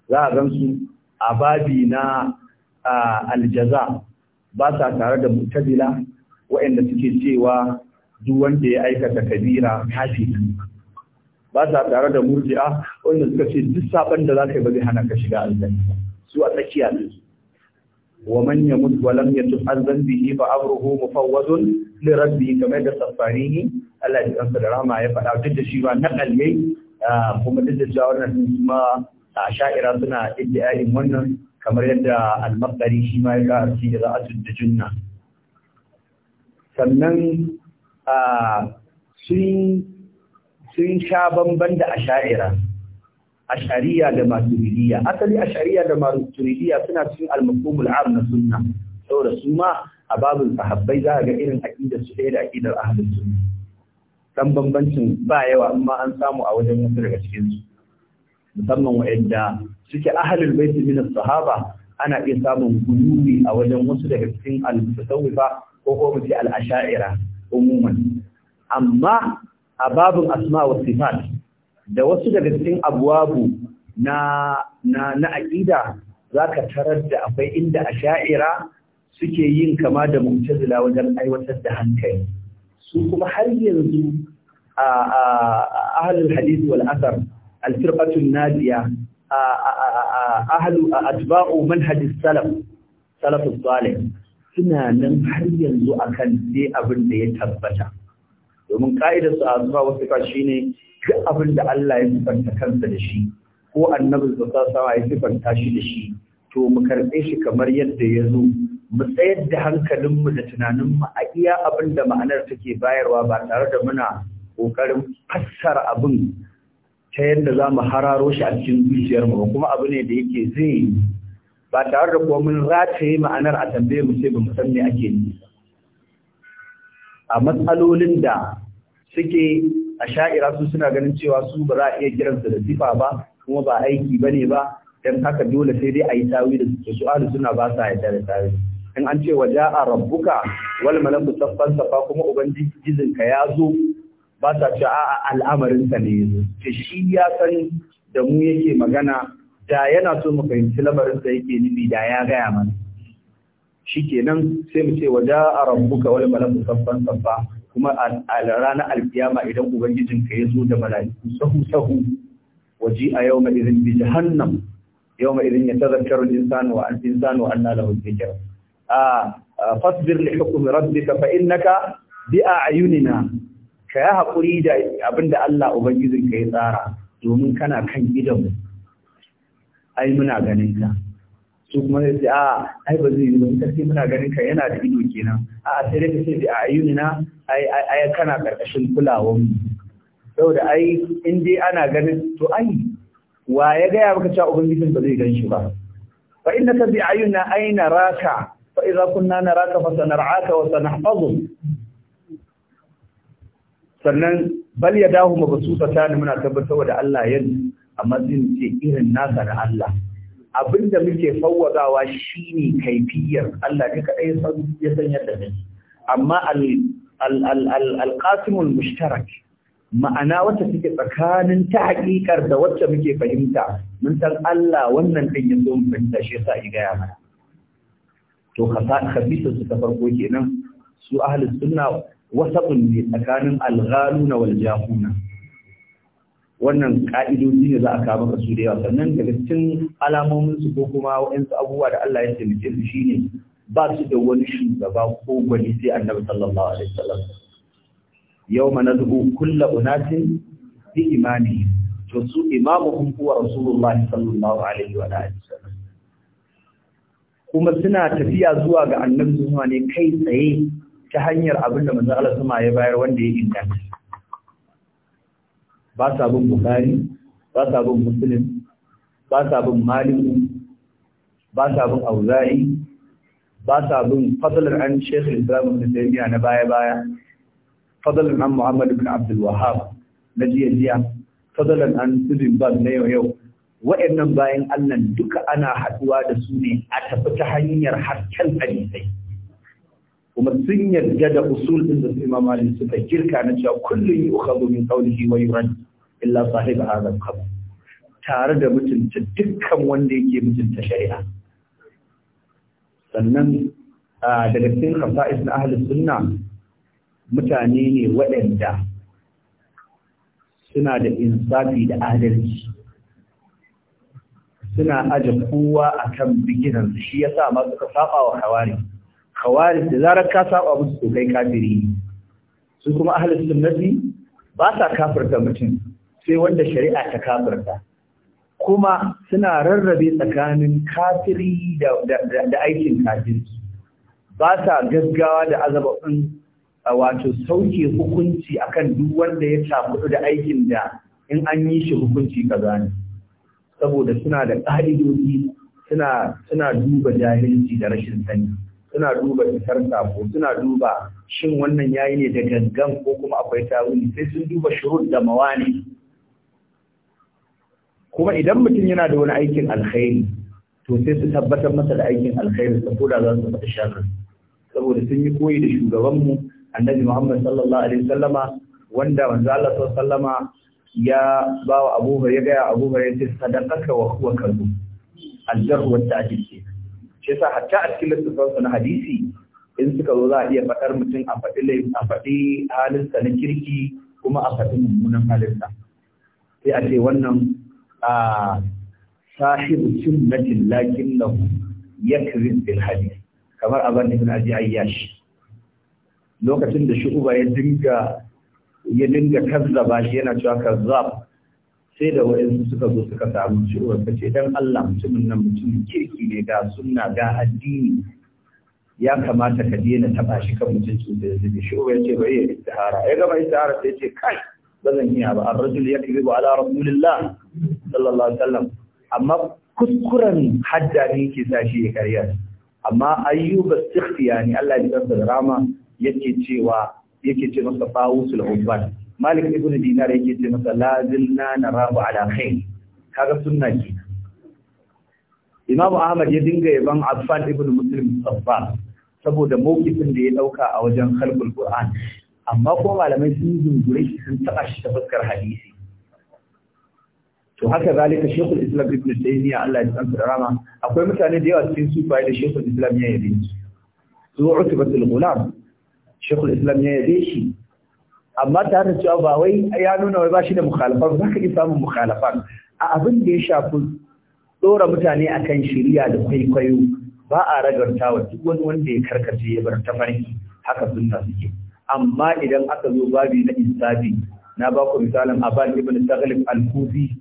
za a gansu a babi na aljaza ba sa tare da mutazila waɗanda suke cewa duk wanda ya aikata kabira kafiri ba sa tare da murji'a wanda suka ce duk saban da za ka yi ba zai hana ka shiga aljanna su a tsakiya ne ومن يمد ولم يتب عن ذنبه فأمره مفوض لربه كما يدى صفانيه الله يتنصر رحمة يفعل جد شيء نقل kuma duk da cewa kuma a sha'ira suna iddiyayin wannan kamar yadda al-maqdari shi ma ya ka da da junna sannan sun sha bamban da asha'ira ashariya da maturidiya asali ashariya da maturidiya suna cikin al-mafhumul am na sunna saboda su ma a babin sahabbai za a ga irin aqidar su da aqidar ahlus sunna dan bambancin ba yawa amma an samu a wajen wasu daga cikin su musamman wa'anda suke ahlul bait min sahaba ana iya samun guluwi a wajen wasu daga cikin al-mutasawwifa ko ko mu al-asha'ira umuman amma a babin asma wa sifat da wasu daga cikin abuwabu na na na za ka tarar da akwai inda a sha'ira suke yin kama da mu'tazila wajen aiwatar da hankali su kuma har yanzu a ahlul hadith wal athar al firqatu nadiya ahlu atba'u manhaj salaf salaf salih suna nan har yanzu akan sai abin da ya tabbata domin ka'idar su a zuwa wasu ka ne, duk abin da Allah ya sifanta kansa da shi ko annabin sa sawa ya sifanta shi da shi to mu karɓe shi kamar yadda ya zo mu tsayar da hankalinmu da tunaninmu a iya abin da ma'anar take bayarwa ba tare da muna ƙoƙarin fassara abin ta yadda za mu hararo shi a cikin zuciyarmu ba kuma abu ne da yake zai ba tare da kuma mun rataye ma'anar a tambaye mu sai ba mu san me ake nufi a matsalolin da suke a sha'ira su suna ganin cewa su ba za a iya kiransu da sifa ba kuma ba aiki ba ne ba don haka dole sai dai a yi tawi da su su suna ba sa yadda da tawi in an ce wa ja'a rabbuka wal malaku saffan safa kuma ka ya zo ba sa ce al'amarin al'amarinsa ne ya zo ce shi ya san da mu yake magana da yana so mu fahimci lamarin sa yake nufi da ya gaya mana shikenan sai mu ce wa ja'a rabbuka wal malaku saffan safa kuma a ranar alfiyama idan ubangijin ka yazo da mala'iku sahu sahu Waje a yau yawma idhin bi Yau yawma idhin ya al-insanu wa al-insanu anna lahu dhikra a fasbir li hukmi rabbika fa innaka bi a'yunina ka yi hakuri da abinda Allah ubangijin ka ya tsara domin kana kan gidanmu ai muna ganin ka su kuma ya ce a ai ba zai yi ba sai muna ganin ka yana da ido kenan a sai dai sai a ayyuni na ai ai kana karkashin kulawar mu saboda ai in dai ana ganin to ai wa ya gaya maka cewa ubangijin ba zai ganshi ba fa innaka bi ayyuna aina raka fa idza kunna naraka fa sanar'aka wa sanahfazu sannan bal yadahu mabsutatani muna tabbatar da Allah yanzu a matsayin ce irin nasa da Allah Abin da muke shi ne kaifiyar Allah ne kadai ya san yadda ne amma al mushtarak ma'ana wacce take tsakanin ta haƙiƙar da wacce muke fahimta mun san Allah wannan din yanzu mun fahimta shi yasa ya gaya mana to bi su ta farko kenan su ahlus sunna wasaqun ne tsakanin al-ghaluna wal jahuna wannan ka'idoji ne za a kawo maka su da yawa sannan daga cikin alamomin su ko kuma waɗansu abubuwa da Allah ya taimake su shine ba su da wani shugaba ko gwani sai Annabi sallallahu alaihi wasallam yawma nad'u kullu unatin bi imani to su Imamu kun kuwa rasulullahi sallallahu alaihi wa alihi wasallam kuma suna tafiya zuwa ga Annabi zuwa ne kai tsaye ta hanyar abin da manzo Allah ya bayar wanda ya inganta ba sa bin bukari ba sa bin muslim ba sa bin maliku ba sa bin auza'i ba sa bin fadlar an shekh islam ibn taymiya na baya baya fadlar an muhammad ibn abdul wahhab na jiya jiya fadlar an ibn baz na yau yau wa'annan bayan Allah duka ana haduwa da su ne a tafi ta hanyar hasken hadisai kuma sun yarda da usul din da Imam Malik suka kirka na cewa kullun yu'khadhu min qawlihi wa yurad illa sahib hadha al tare da mutunta dukkan wanda yake mutunta shari'a sannan daga cikin khasa'is na ahlus sunna mutane ne waɗanda suna da insafi da adalci suna aje kowa akan biginan shi yasa ma suka saba wa hawari khawarij da zarar ka saba musu to kai kafiri su kuma ahlus sunnati ba sa kafirta mutum sai wanda shari'a ta kafirta kuma suna rarrabe tsakanin kafiri da aikin kafiri ba sa gaggawa da azabin wato sauke hukunci akan duk wanda ya tafi da aikin da in an yi shi hukunci kaza ne saboda suna da ƙa'idodi suna duba jahilci da rashin sani suna duba isar sabo suna duba shin wannan ya yi ne da gangan ko kuma akwai tawuni sai sun duba shurud da mawani kuma idan mutum yana da wani aikin alkhairi to sai su tabbatar masa da aikin alkhairi saboda za su fata sharri saboda sun yi koyi da shugabanmu annabi Muhammad sallallahu alaihi wasallama wanda manzo Allah sallallahu ya bawa Abu ya ga ya ce sadaqaka wa kuwa kadhub al wa shi yasa hatta a cikin littafin na hadisi in suka zo za a iya faɗar mutum a faɗi a faɗi halinsa na kirki kuma a faɗi mummunan halinsa sai a ce wannan a sahibu sunnatin lakin lahu yakrin bil hadis kamar aban ibn abi ayyash lokacin da shu'uba ya dinga ya dinga kazzaba shi yana cewa kazzab sai da waɗansu suka zo suka samu ciwon ka ce dan Allah mutumin nan mutumin kirki ne ga sunna ga addini ya kamata ka daina taɓa shi kan su da ya zube shi ya ce ba. ya istihara ya gama istihara sai ce kai ba zan iya ba an rajul ba ala rasulillah sallallahu alaihi wasallam amma kuskuren hajja ne ke sa shi ya karya amma ayyuba sikhtiyani Allah ya tsara rama yake cewa yake ce masa bawusul ubban malik ibn dinar yake ce masa lazilna narahu ala khair kaga sunna kenan Imam Ahmad ya dinga yaban Affan ibn Muslim safa saboda mokifin da ya dauka a wajen khalqul Qur'an amma ko malamai sun zungure shi sun taba shi ta fuskar hadisi to haka zalika Sheikhul Islam Ibn taymiya Allah ya san rama akwai mutane da yawa cikin su bai da Sheikhul Islam ya yabe su Zuwa Utbatul Ghulam Sheikhul Islam ya yabe shi amma tare da cewa ba wai ya nuna wai ba shi da mukhalafan ba ka iya samun mukhalafan a abin da ya shafi tsora mutane akan shirya da kwaikwayo ba a ragarta wa duk wani wanda ya karkace ya bar tafarki haka sunna suke amma idan aka zo babi na insafi na ba ku misalin aban ibn taghlib al-kufi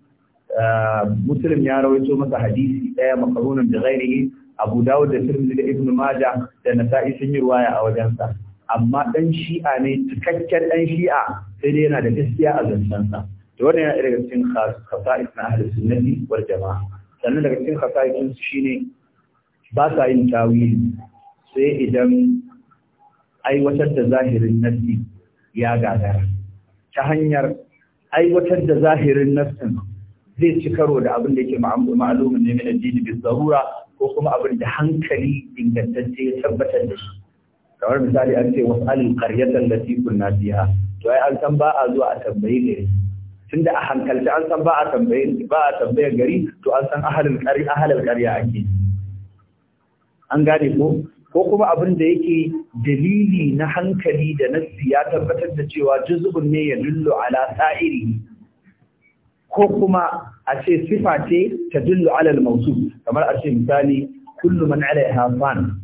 eh, muslim ya rawaito masa hadisi daya makarunan da ghairihi abu dawud da tirmidhi da ibn majah da nasa'i sun yi riwaya a wajensa amma ɗan shi'a ne cikakken ɗan shi'a sai dai yana da gaskiya a zancensa da wannan yana daga cikin khasa'is na ahlus sunnati wal jama'a sannan daga cikin khasa'isin su shine ba sa yin tawili sai idan aiwatar da zahirin nafsi ya gagara ta hanyar aiwatar da zahirin nafsin zai ci karo da abin da yake ma'alumin ne na addini bi zarura ko kuma abin da hankali ingantacce ya tabbatar da shi kamar misali an ce wasalin qaryatan tikun na fiha to ai an san ba a zuwa a tambayi Tun da a hankalci an san ba a tambayi ba a tambayar gari to an san ahalin qarya ahalin qarya ake an gane ko ko kuma abin da yake dalili na hankali da nassi ya tabbatar da cewa juzubun ne ya lullu ala sa'iri ko kuma a ce sifa ce ta dullu ala al-mawsuf kamar a ce misali kullu man alaiha fan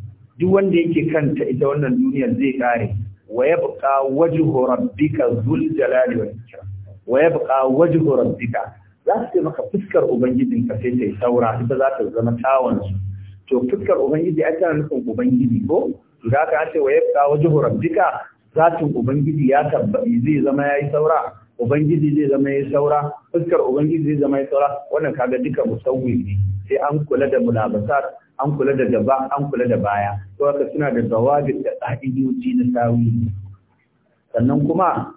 duk wanda yake kanta ita wannan duniyar zai kare wa yabqa wajhu rabbika zul jalali wal ikram wa yabqa wajhu rabbika za ce maka fuskar ubangijin ka sai ta saura ita za ta zama tawon su to fuskar ubangiji ai tana nufin ubangiji ko to ka ce wa yabqa wajhu rabbika zatin ubangiji ya tabbai zai zama yayi saura ubangiji zai zama yayi saura fuskar ubangiji zai zama yayi saura wannan kaga duka musawwi ne sai an kula da mulabasar an kula da gaba an kula da baya to haka suna da zawabin da ƙa'idoji na tawi sannan kuma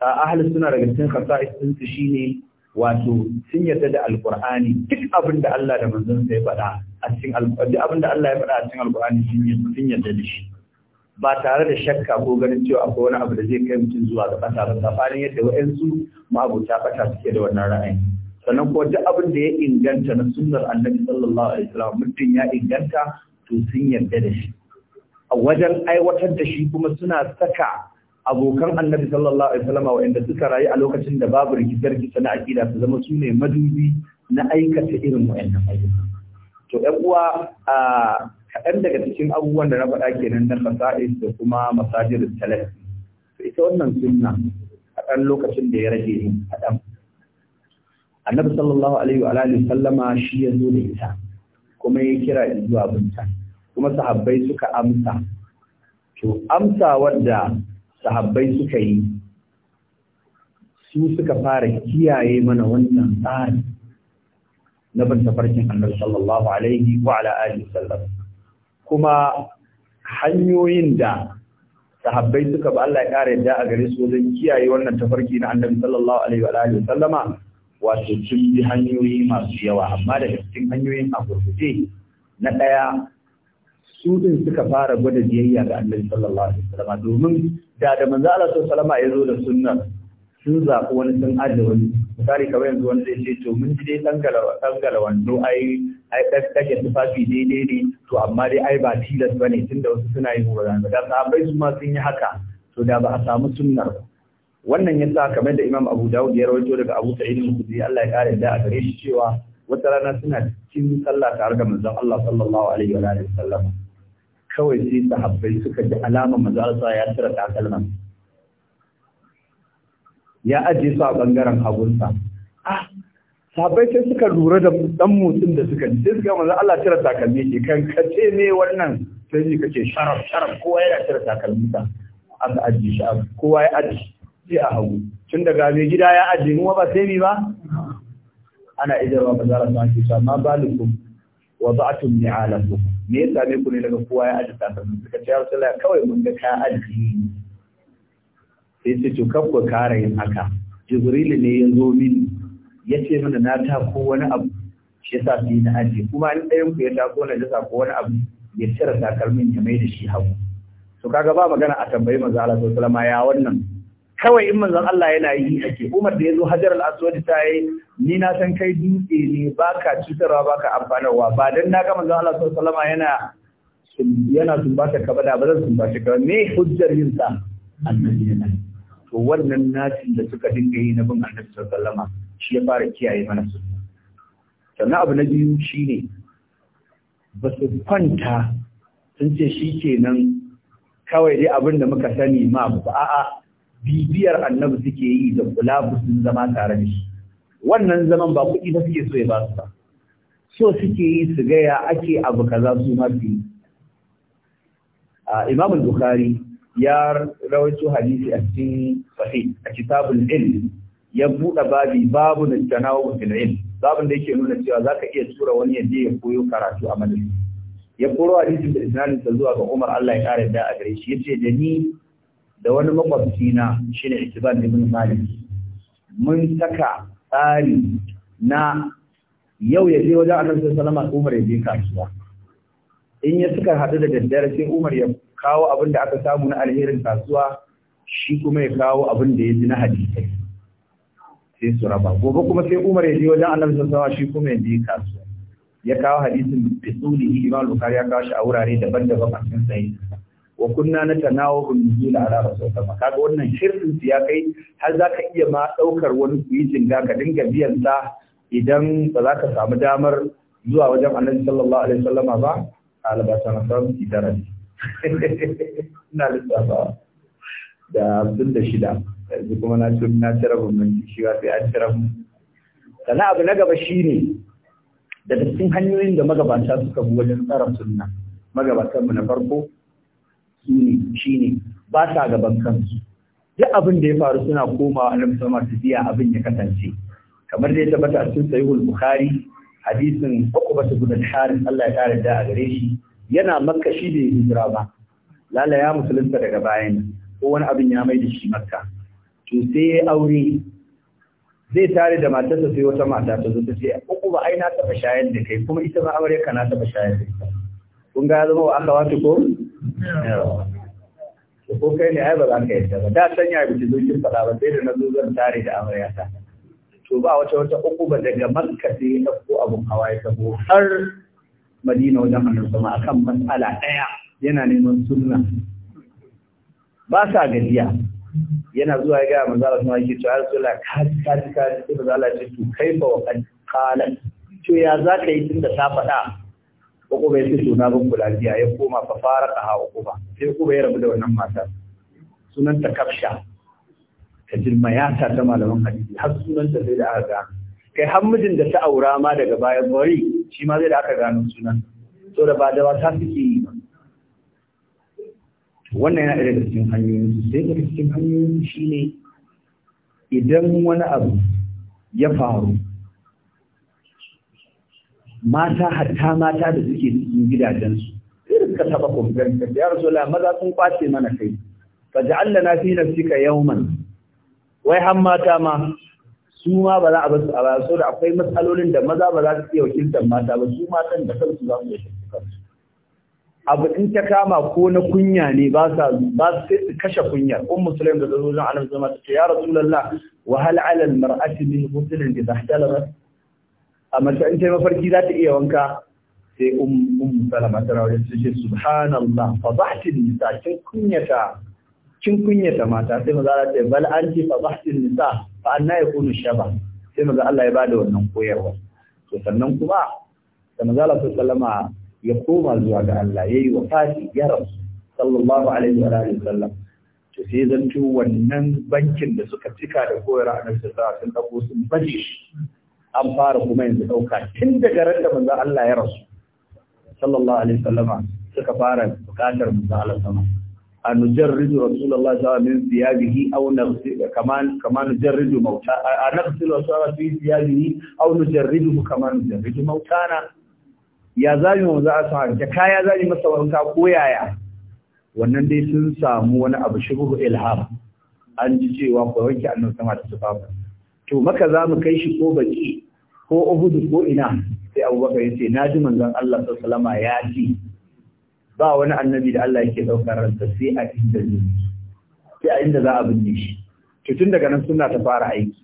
a ahli suna daga cikin khasa'is din su shine wato sun yarda da alqur'ani duk abin da Allah da manzon sa ya faɗa a cikin duk abin da Allah ya faɗa a cikin alqur'ani sun yarda da shi ba tare da shakka ko ganin cewa akwai wani abu da zai kai mutum zuwa ga fata ba tsafanin yadda wa'ansu ma'abuta fata suke da wannan ra'ayi sannan ko duk abin da ya inganta na sunnar annabi sallallahu alaihi wasallam mutum ya inganta to sun yarda da shi a wajen aiwatar da shi kuma suna saka abokan annabi sallallahu alaihi wasallam wanda suka rayu a lokacin da babu rikitar rikice na akida su zama su ne madubi na aikata irin wa'annan ayyuka to ɗan uwa a kaɗan daga cikin abubuwan da na faɗa kenan na fasa'is da kuma masajir talaf ita wannan sunna a ɗan lokacin da ya rage ni a ɗan. annabi sallallahu alaihi wa alihi sallama shi ya zo da ita kuma ya kira zuwa binta kuma sahabbai suka amsa to amsa wadda sahabbai suka yi su suka fara kiyaye mana wannan tsari na ban tafarkin annabi sallallahu alaihi wa ala alihi sallam kuma hanyoyin da sahabbai suka ba Allah ya kare da a gare su wajen kiyaye wannan tafarki na annabi sallallahu alaihi wa alihi sallama wato sun bi hanyoyi masu yawa amma daga cikin hanyoyin a gurguje na ɗaya su din suka fara gwada biyayya ga annabi sallallahu alaihi wasallam domin da da manzo Allah sallallahu alaihi wasallam ya zo da sunna sun zaɓi wani sun aje wani misali kamar yanzu wani zai ce to mun ji dai tangala tangala wando ai ai kake tufafi daidai ne to amma dai ai ba tilas bane tunda wasu suna yi ba da sahabbai su ma sun yi haka to da ba a samu sunnar ba wannan ya sa kamar da Imam Abu Dawud ya rawaito daga Abu Sa'id al-Khudri Allah ya kare da a gare shi cewa wata rana suna cikin sallah tare da manzon Allah sallallahu alaihi wa alihi wasallam kawai sai sahabbai suka ji alamar manzon Allah ya tsira takalman ya aje su a bangaren hagunsa ah sahabbai sai suka lura da dan motsin da suka ji sai suka manzon Allah tsira takalmi ke kan kace ne wannan sai ji kace sharaf sharaf kowa yana tsira takalmi sa aka aje shi kowa ya aje sai a hagu tun daga mai gida ya ajiye mu ba sai mi ba ana ijarwa ba za a san shi amma balikum wa ba'atum ni'alakum me yasa ne ku ne daga kowa ya ajiye takalmi suka ce ya rasulullahi kawai mun ga ka ajiye sai ce to kaf kare yin haka jibril ne ya zo min ya ce mana na ta ko wani abu shi yasa sai na ajiye kuma in ɗayan ku ya ta ko na jasa ko wani abu ya cire takalmin ya mai da shi hagu to kaga ba magana a tambayi manzo Allah sallallahu alaihi wasallam ya wannan kawai in manzon Allah yana yi ake Umar da ya zo Hajar al-Aswad ta yi ni na san kai dutse ne baka cutarwa baka amfanarwa ba dan na ga manzon Allah sallallahu alaihi wasallam yana yana sumbata ka bada ba zan sumbace ka me hujjar yin sa annabi ne to wannan nasi da suka dinga yi na bin annabi sallallahu alaihi wasallam shi ya fara kiyaye mana su sannan abu na biyu shine ba su kwanta sun ce shi kenan kawai dai abin da muka sani ma ba a'a bibiyar annabi suke yi da kula sun zama tare da shi wannan zaman ba kuɗi ba suke so ya ba su ba so suke yi su gaya ake abu kaza su ma su imam bukhari ya rawaito hadisi a cikin sahih a kitabul ilm ya buɗe babi babu na tanawu fil ilm babin da yake nuna cewa zaka iya tura wani ya je ya koyo karatu a madrasa ya koro hadisin da isnadin zuwa ga Umar Allah ya kare da a gare shi yace da ni da wani makwabci na shine Isban ibn Malik mun saka tsari na yau ya je wajen Annabi sallallahu alaihi Umar ya je kasuwa in ya suka hadu da daddare sai Umar ya kawo abin da aka samu na alherin kasuwa shi kuma ya kawo abin da ya ji na hadisi sai su raba gobe kuma sai Umar ya je wajen Annabi sallallahu alaihi shi kuma ya je kasuwa ya kawo hadisin bisulihi Imam Bukhari ya kawo shi a wurare daban-daban a cikin sahihi wa kunna na tanawo bin nuzul ala rasul sama kaga wannan shirkin su ya kai har zaka iya ma daukar wani kuyi ga ka dinga biyan sa idan ba za ka samu damar zuwa wajen annabi sallallahu alaihi wasallama ba albatan san idara ina lissafa da abin da shida yanzu kuma na ci na ci rabin shi ba sai an ci rabin sannan abu na gaba shine daga cikin hanyoyin da magabata suka bi wajen tsara sunna mu na farko su ne shi ne ba sa gaban kansu duk abin da ya faru suna komawa annabi sallallahu alaihi wasallam su abin ya kasance kamar da ya tabbata a cikin sahihul bukhari hadisin uqbatu bin al-harith Allah ya kare da a gare shi yana makka shi da hijira ba lala ya musulunta daga bayan ko wani abin ya mai da shi makka to sai ya aure zai tare da matarsa sai wata mata ta zo ta ce uku ba ai na taba shayar da kai kuma ita ma aure kana taba shayar da ita kun ga zama wa aka wato ko ko kai ne ai ba za ka yadda ba da sanya ya zo kin faɗa ba sai da na zo zan tare da amaryata to ba wata wata uku ba daga makka sai ya ɗauko abun hawa ya tabo har madina wajen annabi sama akan matsala ɗaya yana neman sunna ba sa gajiya yana zuwa ya gaya Allah kuma yake cewa Rasulullah ka ka ka sai manzo Allah ya ce to kaifa wa qad to ya za ka yi da ta faɗa uku bai fito suna bin lafiya ya koma fa fara ha uku ba sai uku bai rabu da wannan mata sunan ta kafsha ta jirma ya ta ta malaman hadisi har sunan ta sai da aka gano kai har mijin da ta aura ma daga bayan bari shi ma zai da aka gano sunan to da ba da ta suke yi ba wannan yana daga cikin hanyoyin su sai daga cikin hanyoyin shine idan wani abu ya faru mata hatta mata da suke cikin gidajensu irin ka suka taba kokarin ka ya rasulullah maza sun kwace mana kai fa ja'alna fi nafsika yawman wai har mata ma su ma ba za a basu a baya saboda akwai matsalolin da maza ba za su iya wakiltar mata ba su matan da kansu za su yi kansu abu in ta kama ko na kunya ne ba sa ba su kashe kunya um musulmi da zazojin annabi zama ta ce ya rasulullah wa hal ala al mar'ati min husnin da tahtalamat a mace in mafarki za ta iya wanka sai um, um salama ta rawar su ce subhanallah fadhahtin nisa kin kunyata kin kunyata mata sai maza za ta bal anti fadhahtin nisa fa anna yakunu shaba sai maza Allah ya bada wannan koyarwa to sannan kuma da maza Allah sallama ya koma zuwa ga Allah yayi wafati ya rasu sallallahu alaihi wa alihi sallam to sai zanto wannan bankin da suka cika da koyarwa annabi sallallahu alaihi wasallam sun dauko sun baje shi an fara kuma yanzu ɗauka tun daga randa manzo Allah ya rasu sallallahu alaihi wasallama suka fara bukatar manzo Allah sama a nujarridu rasulullah sallallahu alaihi wasallam ziyabihi aw nafsi kaman kaman nujarridu mauta an nafsi rasulullah fi ziyabihi aw nujarridu kaman nujarridu mautana ya zabi manzo Allah sama ka kaya zabi masa wanka ko yaya wannan dai sun samu wani abu shubuhu ilham an ji cewa ko wanke annabi sama da sufafa to maka za mu kai shi ko baki ko Uhudu ko ina sai Abubakar ya ce na ji manzon Allah sallallahu alaihi ya ce ba wani annabi da Allah yake daukar ransa sai a inda sai a inda za a binne shi to tun daga nan suna ta fara aiki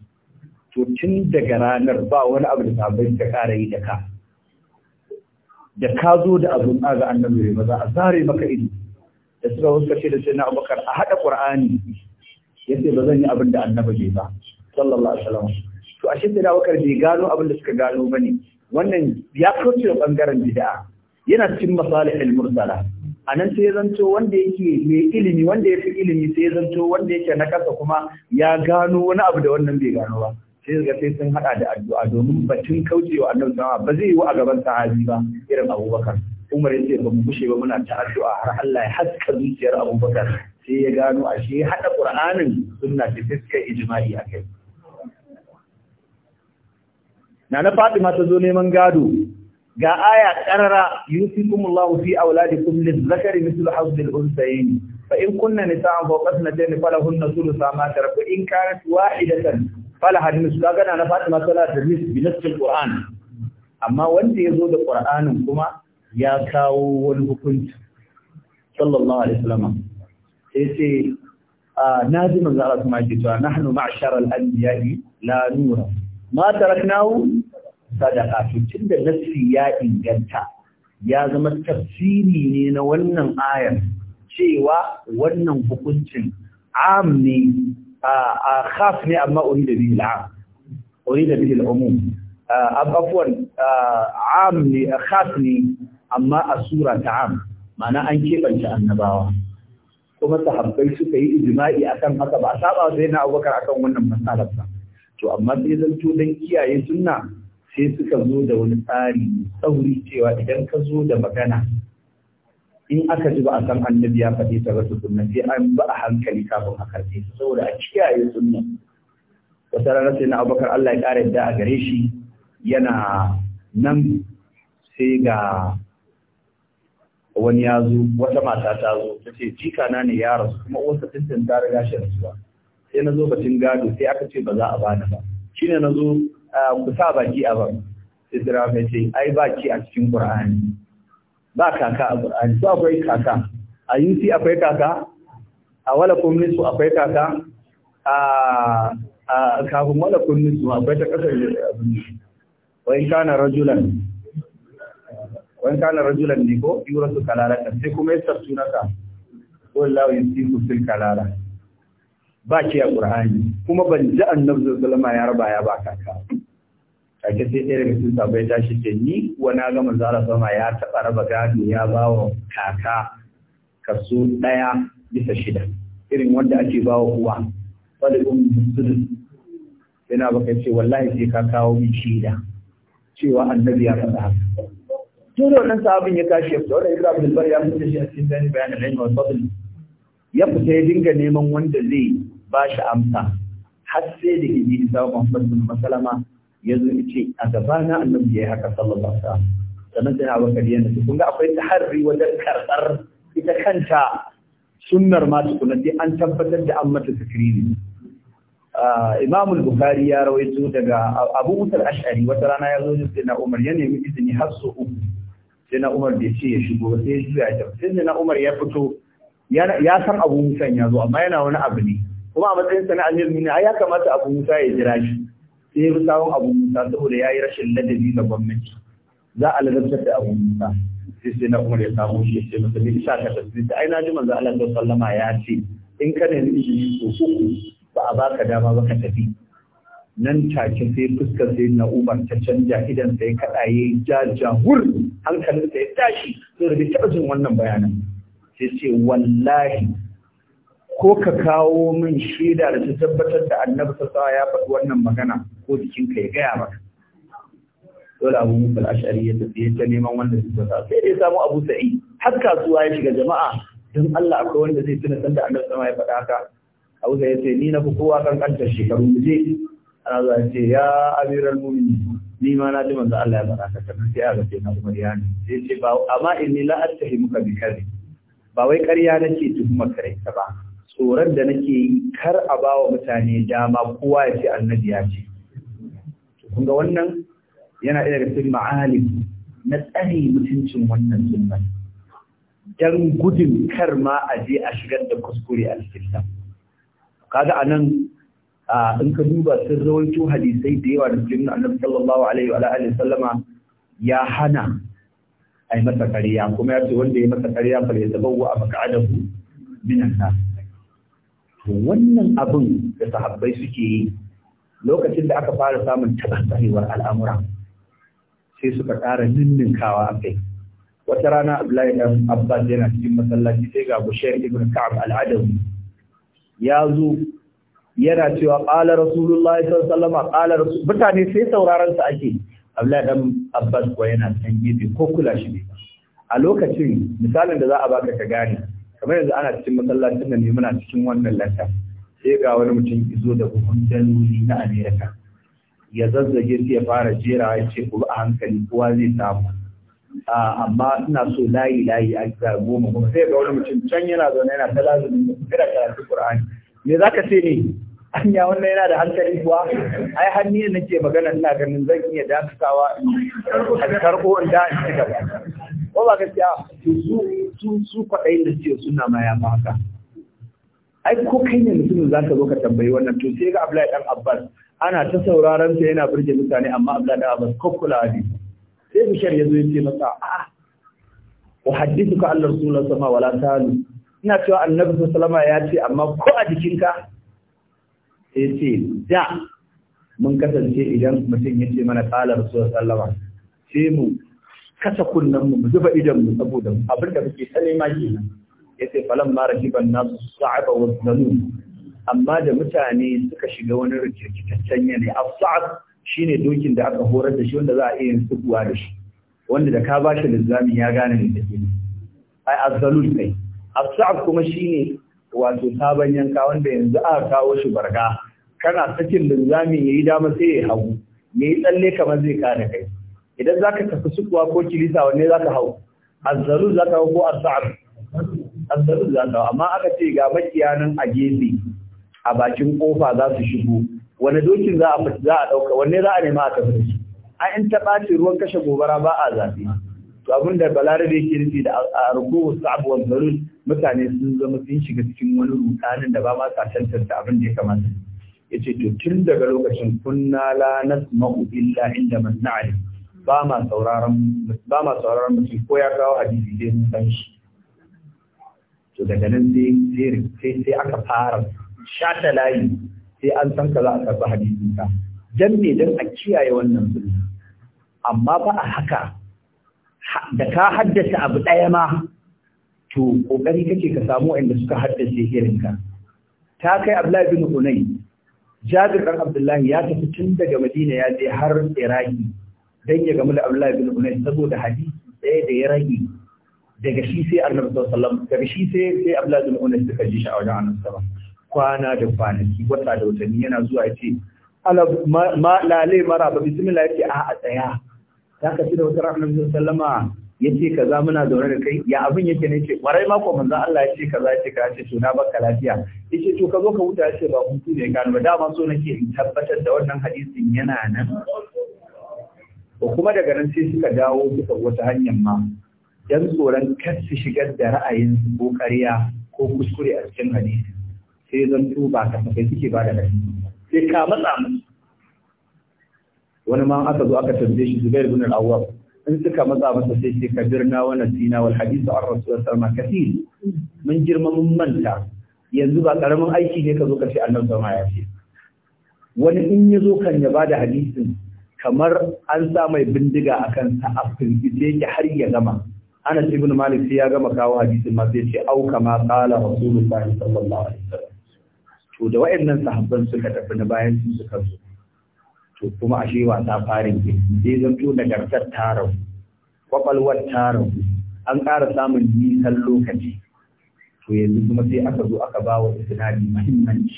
to tun daga ranar ba wani abu da sabai ta ƙara yi da ka da ka zo da abun ga annabi ba za a zare maka ido da suka huskace da sai na Abubakar a hada Qur'ani yace ba zan yi abin da annabi ba sallallahu alaihi wasallam to ashe wakar da bai gano abin da suka gano ba ne wannan ya kauce da ɓangaren bid'a yana cikin masalihul mursala nan sai ya zanto wanda yake mai ilimi wanda ya fi ilimi sai ya zanto wanda yake na kasa kuma ya gano wani abu da wannan bai gano ba sai ga sai sun haɗa da addu'a domin batun kaucewa annabi sama ba zai yi wa a gaban sahabi ba irin Abubakar Umar ya ce ba mu bushe ba muna ta addu'a har Allah ya haska zuciyar Abubakar sai ya gano ashe hada Qur'anin sunna ce sai suka ijma'i akai na na Fatima ta zo neman gado ga aya karara yusikumullahu fi auladikum lizakari mithlu al unsayin fa in kunna nisa'an fawqa sanatayn falahunna thulutha ma taraka in kanat wahidatan falaha nisfu kaga na na Fatima tana da ris bi nasl Qur'an amma wanda ya zo da Qur'anin kuma ya kawo wani hukunci sallallahu alaihi wasallam sai sai ah, na ji manzo Allah kuma yake cewa nahnu ma'shar al-anbiya'i la nura ma taraknahu sadaka to tunda nasiri ya inganta ya zama tafsiri ne na wannan ayar cewa wannan hukuncin am ne a khas ne amma urida bihi al'am urida bihi al'umum afwan am ne khas ne amma a sura ta am ma'ana an kebanta annabawa kuma sahabbai suka yi ijma'i akan haka ba a saba sai na abubakar akan wannan matsalar ba to amma sai to dan kiyaye sunna sai suka zo da wani tsari tsauri cewa idan ka zo da magana in aka ji ba a san annabi ya faɗi ta rasu sunna sai an ba a hankali kafin a karfe saboda a kiyaye sunna wata rana sai na abubakar Allah ya ƙara yadda a gare shi yana nan sai ga wani ya zo wata mata ta zo ta ce jika na ne ya rasu kuma uwarsa tuntun ta riga shi rasuwa sai na zo batun gado sai aka ce ba za a bani ba shine na ku sa baki a ba Isra'ila ce ai baki a cikin Qur'ani ba kaka a Qur'ani to akwai kaka a UC akwai kaka a wala kunnisu akwai kaka a a kafin wala kunnisu akwai ta kasar wai kana rajulan wai kana rajulan ne ko yura su kalala ta sai kuma yasar sunaka ci ku fil kalala ba ki a qur'ani kuma ban ji annabi sallallahu alaihi wasallam ya rabaya ya ba kaka kake sai ɗaya daga cikin sabai ta shi ce ni wani na gama manzara sama ya taɓa raba gado ya ba wa kaka kaso ɗaya bisa shida irin wanda ake ba wa uwa wadda ɗin musulun yana baka ce wallahi sai ka kawo min shida cewa annabi ya faɗa haka tun da wannan sabon ya tashi ya fita wanda ya zaɓi bar ya fita shi a cikin bayan da ilmi wa ya fita ya dinga neman wanda zai ba shi amsa har sai da ibi isa muhammad bin masalama ya zo ce a gabana annabi ya yi haka sallallahu alaihi wasallam sannan sai abakar yana su kun ga akwai taharri wajen karbar ita kanta sunnar ma tukuna an tabbatar da an mata ne. imam al-bukhari ya rawaito daga abu musa ashari wata rana ya zo ne sai na umar ya nemi izini har so uku sai na umar bai ce ya shigo ba sai ya juya ta sai na umar ya fito ya san abu musa ya zo amma yana wani abu ne kuma a matsayin sana'a ne ya kamata abu musa ya jira shi sai ya sawon abu musa saboda ya yi rashin ladabi ga gwamnati za a ladabtar da abu musa sai sai na umar ya samu shi sai masa bai sa ka tafi ta aina ji manzo Allah da sallama ya ce in ka ne izini ko uku ba a baka dama ba ka tafi nan take sai fuskar sai na umar ta canja idan sai kada yayi jajahur hankalin ta ya tashi to da bi jin wannan bayanan sai ce wallahi ko ka kawo min shaida da ta tabbatar da annabi wasallam ya faɗi wannan magana ko ka ya gaya maka dole abu musa al'ashari ya tafi ya ta neman wanda zai fasa sai dai samu abu sa'i har kasuwa ya shiga jama'a don Allah akwai wanda zai tuna sanda annabi sama ya faɗa haka abu ya ce ni na fi kowa kankantar shekaru mu je ana zuwa ce ya amiral mu'minin ni ma na ji manzo Allah ya faɗa haka sannan sai aka ce na Umar ya ne sai ce ba amma inni la attahimuka bi kadhib ba wai ƙarya nake tuhumar kare ta ba tsoron da nake yi kar a ba wa mutane dama kowa ya ce annabi ya ce kun ga wannan yana ɗaya da cikin ma'alim na tsare mutuncin wannan sunna dan gudun kar ma a je a shigar da kuskure a cikin kaga anan in ka duba sun rawaito hadisai da yawa da cikin nuna annabi sallallahu alaihi wa alihi sallama ya hana ai masa kariya kuma ya ce wanda ya masa karya fa ya wa a adabu minan nas wannan abin da sahabbai suke yi lokacin da aka fara samun tabbatarwar al'amura sai suka ƙara ninninkawa a kai wata rana Abdullahi dan Abbas yana cikin masallaci sai ga Bushair ibn Ka'ab al-Adawi ya zo yana cewa qala Rasulullahi sallallahu alaihi wasallam mutane sai sauraron sa ake Abdullahi dan Abbas ko yana san ko kula shi ne a lokacin misalin da za a baka ka gane kamar yanzu ana cikin masallacin da ne muna cikin wannan lantar sai ga wani mutum izo da buhun daloli na amerika ya zazzage sai ya fara jera ya ce ku a hankali kowa zai samu amma ina so layi layi a ga goma kuma sai ga wani mutum can yana zaune yana ta lazumin da karatu qur'ani me zaka ce ne anya wannan yana da hankali kuwa ai har ni nake magana ina ganin zan iya dakatawa a karbo in da in ci gaba ko ba gaskiya su su su kwaɗayin da suke suna ma ya ai ko kai ne mutumin za ka zo ka tambayi wannan to sai ga Abdullahi dan Abbas ana ta sauraron sa yana burge mutane amma Abdullahi dan Abbas ko kula ne sai Bishar ya zo ya ce masa a wa hadithuka Allah sallallahu alaihi wasallam wala talu ina cewa annabi sallallahu alaihi wasallam ya ce amma ko a jikinka yace da mun kasance idan mutum ya ce mana kala rasulullah sallama sai mu kasa kunnan mu zuba idan mu saboda abin da muke ta nema kenan yace falam ma rakiban nas sa'aba wa zanu amma da mutane suka shiga wani rikirkitaccen yanayi as-sa'ab shine dokin da aka horar da shi wanda za a iya yin sukuwa da shi wanda da ka bashi lizzami ya gane ne take ai azzalul kai as kuma shine wato sabon yanka wanda yanzu aka kawo shi barga kana sakin linzami ya yi dama sai ya hagu ya yi tsalle kamar zai kare kai idan za ka tafi sukuwa ko kilisa wanne za ka hau azzaru za ka hau ko azzar azzaru za ka hau amma aka ce ga makiyanan a gefe a bakin kofa za su shigo wani dokin za a za a dauka wanne za a nema a tafi shi a in ta ɓaci ruwan kashe gobara ba a zafi to abin da balarabe ke nufi da a rukuwa sabuwar zarur mutane sun zama sun shiga cikin wani rutanin da ba ma sa cancanta abin da ya kamata yace to tun daga lokacin kunna la nasma'u illa inda man na'lam ba ma sauraron ba ma sauraron mutum ko ya kawo hadisi mun san shi to daga nan sai sai sai aka fara shata layi sai an san ka za a karɓi hadisin ka dan ne dan a kiyaye wannan sunna amma ba a haka da ka haddace abu ɗaya ma to kokari kake ka samu inda suka haddace irinka ta kai Abdullahi bin Hunay Jabir ɗan Abdullahi ya tafi tun daga Madina ya je har Iraki don ya gamu da Abdullahi bin Unais saboda hadisi ɗaya da ya rage daga shi sai Annabi sallallahu alaihi wasallam daga shi sai sai Abdullahi bin Unais suka ji shi a wajen Annabi sallallahu alaihi wasallam kwana da kwanaki wata da watanni yana zuwa ya ce ala ma lale mara ba bismillah yake a a tsaya zaka ci da wata ranar Annabi sallallahu alaihi wasallama ya ce kaza muna zaune da kai ya abin yake ne ce kwarai mako manzan Allah ya ce kaza ya ce kaza ce to na baka lafiya ya ce to ka zo ka huta ya ce ba hutu ne gano ba dama so nake in tabbatar da wannan hadisin yana nan ko kuma daga nan sai suka dawo suka wata hanyar ma dan tsoron kar su shigar da ra'ayin su ko ƙarya ko kuskure a cikin hadisi sai zan tuba ka sai suke ba da hadisi sai ka matsa musu wani ma aka zo aka tambaye shi Zubair bin Al-Awwab in suka maza masa sai ce kabirna wa nasina wal hadithu an da sallallahu alaihi mun girma mun manta yanzu ba karamin aiki ne ka zo ka ce annabi sama ya ce wani in ya zo kan ya bada hadisin kamar an sa mai bindiga a kansa a firgice yake har ya gama ana ibn malik sai ya gama kawo hadisin ma sai ce au kama qala rasulullahi sallallahu alaihi wasallam to da wayannan sahabban suka tafi na bayan su suka zo to kuma ashe wasa farin ke sai zanto nagartar ta rabu kwakwalwar ta an ƙara samun nisan lokaci to yanzu kuma sai aka zo aka ba wa isnadi muhimmanci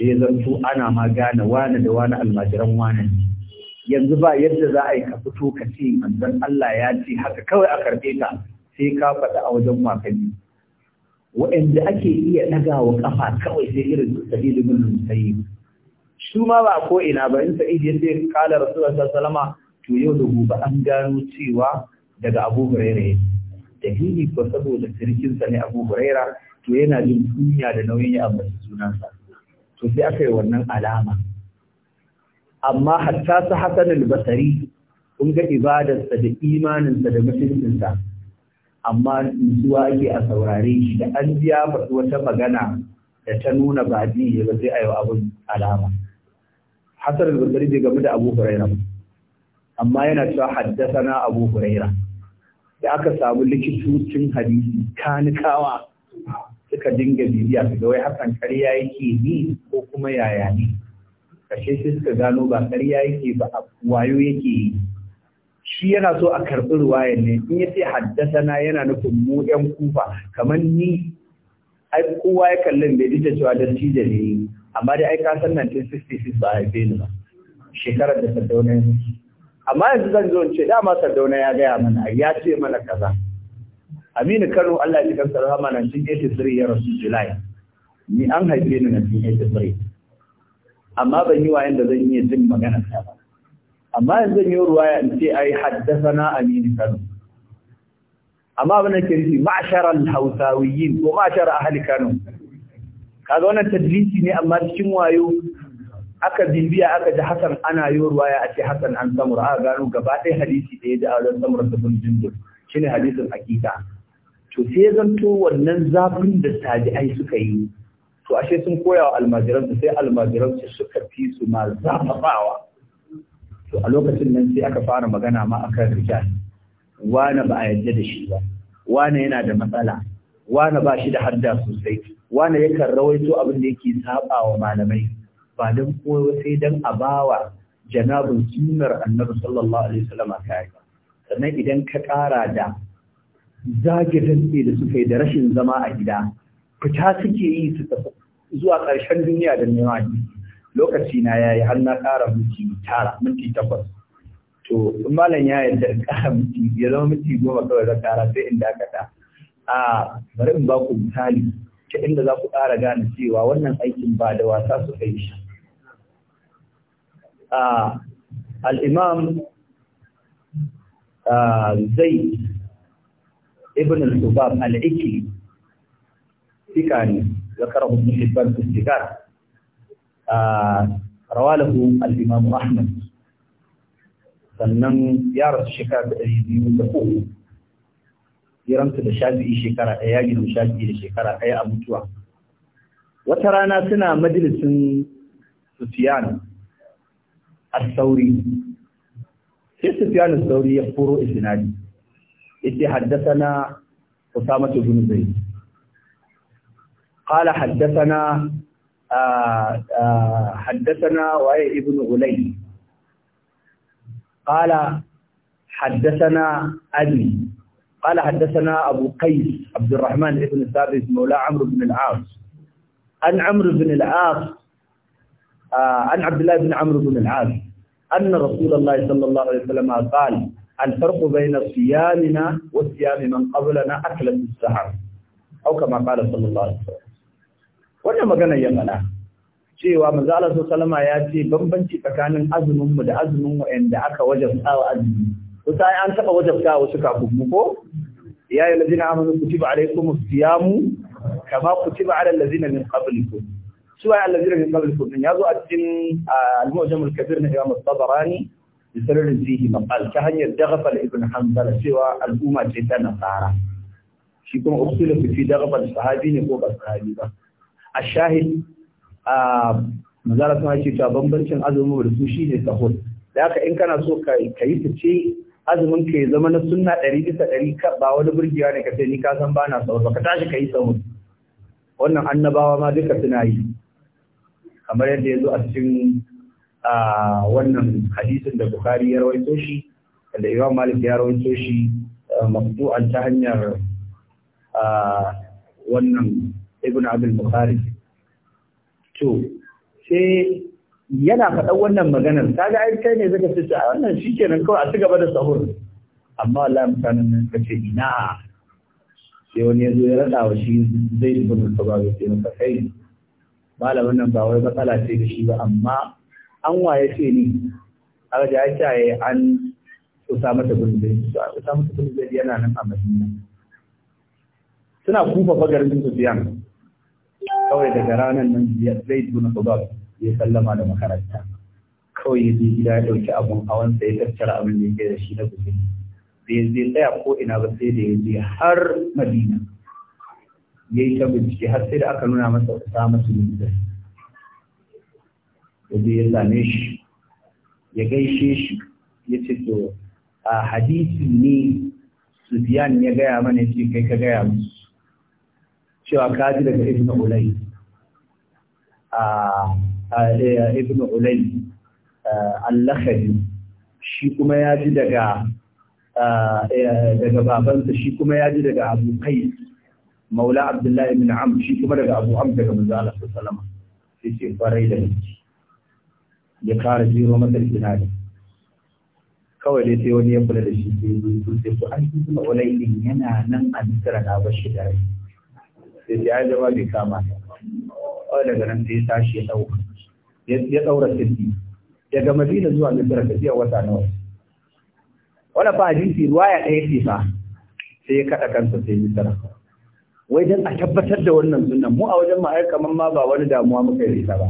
sai zanto ana ma gane wani da wani almajiran wani yanzu ba yadda za a yi ka fito ka ce manzon Allah ya ce haka kawai a karɓe ka sai ka faɗi a wajen makani wa'anda ake iya ɗagawa ƙafa kawai sai irin su sabilin sayyid su ma ba ko ina ba in sa'id ya ce kala rasulullah sallallahu to yau da gobe an gano cewa daga abu ne da hili ko saboda sirkin sa ne abu Hurairah to yana jin kunya da nauyin ya ambaci sunansa to sai aka yi wannan alama amma hatta su hasan al-basri kun ga ibadarsa da imaninsa da sa amma nutsuwa ake a saurare shi da an biya wata magana da ta nuna ba ji ba sai a yi abin alama Hassan al-basri bai gamu da abu huraira amma yana cewa haddasana abu huraira da aka samu likitocin hadisi kanikawa suka dinga bibiya su ga wai hakan ƙarya yake ni, ko kuma yaya ne kashe sai suka gano ba ƙarya yake ba wayo yake yi shi yana so a karɓi ruwayan ne in ya ce haddasana yana nufin mu ƴan kufa kamar ni ai kowa ya kallon bai ji da cewa dattijo ne amma dai ai ka san 1966 ba haife ni ba shekarar da Sardauna ya mutu amma yanzu zan zo in ce dama Sardauna ya gaya mana ya ce mana kaza Aminu Kano Allah ya ji kansa rahama 1983 ya rasu July ni an haife ni 1983 amma ban yi wayan da zan iya jin magana ta ba amma yanzu zan yi ruwaya in ce ai haddasana Aminu Kano amma abin da ke nufi ma'ashara hausawiyin ko ma'ashara ahli Kano kaga wannan tadrisi ne amma cikin wayo aka bibiya aka ji hasan ana yi ya ake Hassan hasan an samura aka gano gaba ɗaya hadisi da ya ji a samura ta jindur shine hadisin hakika to sai ya zanto wannan zafin da tabi'ai suka yi to ashe sun koya wa su sai su suka fi su ma zafafawa to a lokacin nan sai aka fara magana ma akan rijal wane ba a yadda da shi ba wane yana da matsala wane ba shi da hadda sosai wanda yakan rawaito abin da yake sabawa wa malamai ba don kowa sai don a bawa janabin sunnar annabi sallallahu alaihi wasallam kai sannan idan ka ƙara da zagin da suka yi da rashin zama a gida fita suke yi su tafi zuwa ƙarshen duniya da nema lokaci na ya yi har na ƙara minti tara minti takwas to in malam ya yarda in ƙara minti ya zama minti goma kawai zan ƙara sai in dakata a bari in ba ku misali ta inda za ku ƙara gane cewa wannan aikin ba da wasa su kai shi. Al'imam zai ibn al-Subab al'iki fika ne, zakar hukun shibban fustigar, rawalahu al'imam Ahmad, sannan ya rasu shekara da ɗari da uku. ya ramsu da shafi'i shekara ɗaya ya gina shafi'i da shekara ɗaya a mutuwa wata rana suna majalisin sufiyan as-sauri sai sufiyan as-sauri ya furo isnadi yace haddathana usama ibn zaid qala haddathana حدثنا وعي ابن علي قال حدثنا أبي قال حدثنا أبو قيس عبد الرحمن بن الثابت مولى عمرو بن العاص عن عمرو بن العاص عن عبد الله بن عمرو بن العاص أن رسول الله صلى الله عليه وسلم قال الفرق بين صيامنا وصيام من قبلنا أكلة السحر أو كما قال صلى الله عليه وسلم wannan magana ya faɗa cewa manzo Allah sallallahu alaihi wasallam ya ce bambanci tsakanin azumin mu da azumin wa'anda aka wajabta wa azumi kusa an taɓa wajabta wasu kafin mu ko ya yi lazina amanu kutiba alaikum siyamu kama kutiba ala lazina min qablikum su ya lazina min qablikum ya zo a cikin al-mu'jam al na Imam al-Tabarani bi sirrin fihi maqal ta hanyar daghfal ibn hanbal cewa al'umma umma ce ta nasara shi kuma usulu fi daghfal sahabi ne ko ba sahabi ba a shahid manzara sun ce cewa bambancin azumi da su shi ne sahur da haka in kana so ka yi ta ce. azumin ka ya zama na sunna ɗari bisa ɗari ba wani burgewa ne ka sai ni ka san ba na ba ka tashi ka yi sahur wannan annabawa ma duka suna yi kamar yadda ya zo a cikin wannan hadisin da bukari ya rawaito shi da imam malik ya rawaito shi eh, maqtu'an ta hanyar wannan ibn abdul bukari to sai yana faɗan wannan maganar ta ga ai kai ne zaka ce a wannan shikenan kawai a ci gaba da sahur amma wallahi mutanen nan ce ina sai wani ya zo ya raɗa wa shi zai bin ka ba zai sai maka kai malamin nan ba wai matsala ce da shi ba amma an waye ce ni a ga ya yi an usa mata gudun zai su usa mata gudun zai yana nan a madina suna kufa fagarin su siyan kawai daga ranar nan zai tuna ta babu ya sallama da makaranta kawai ya je gida ya ɗauki abun hawansa ya tattara abin da yake da shi na guzuri bai zai tsaya ko ina ba sai da ya je har madina ya yi ta bincike har sai da aka nuna masa wata masu nuna ya ya zame shi ya gaishe shi ya ce to a hadisi ne Sufiyan ya gaya mana ce kai ka gaya musu cewa ka ji daga ibn Ulay a ibn ulay al shi kuma ya ji daga daga babansa shi kuma ya ji daga abu kai maula abdullahi ibn am shi kuma daga abu am daga manzo Allah sallallahu alaihi wasallam sai kwarai da gaske ya kara jiro masa kinani kawai dai sai wani ya kula da shi sai zo sai ku an yi kuma walai din yana nan a da na bashi da rai sai sai ya zama bai kama wai daga nan sai ya tashi ya dauka ya daura sirri daga madina zuwa misra tafiya wata nawa wani fa hadisi ruwaya ɗaya ce sai ya kaɗa kansa sai misra wai dan a tabbatar da wannan sunan mu a wajen ma'ai kaman ma ba wani damuwa muka yi ta ba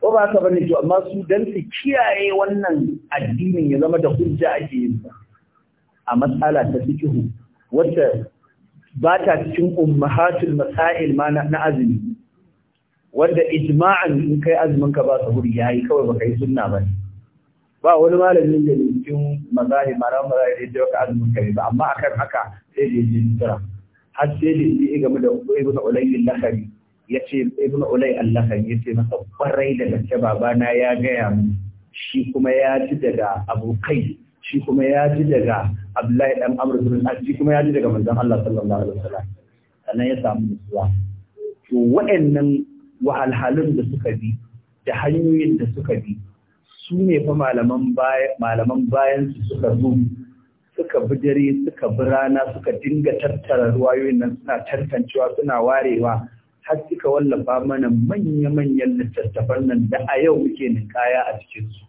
ko ba ka bane to amma su dan su kiyaye wannan addinin ya zama da hujja ake yin sa a matsala ta fiqhu wacce ba ta cikin ummahatul masail ma na azumi wanda ijma'an in kai azumin ka ba sahuri yayi kawai baka yi sunna ba ba wani malamin da cikin mazahi mara mara da ya ka azumin ka ba amma akan haka sai da yi jira har sai da yi game da ibnu ulay al-lakhari yace ibnu ulay al-lakhari yace masa kwarai da gaske babana ya gaya mu shi kuma ya ji daga abokai shi kuma ya ji daga Abdullahi dan Amr bin al shi kuma ya ji daga manzon Allah sallallahu alaihi wasallam sannan ya samu nutsuwa to waɗannan wahalhalun da suka bi da hanyoyin da suka bi su ne fa malaman bayan su suka zo suka bi dare suka bi rana suka dinga tattara ruwayoyin nan suna tantancewa suna warewa har suka wallafa mana manya-manyan littattafan nan da a yau muke ninƙaya a cikinsu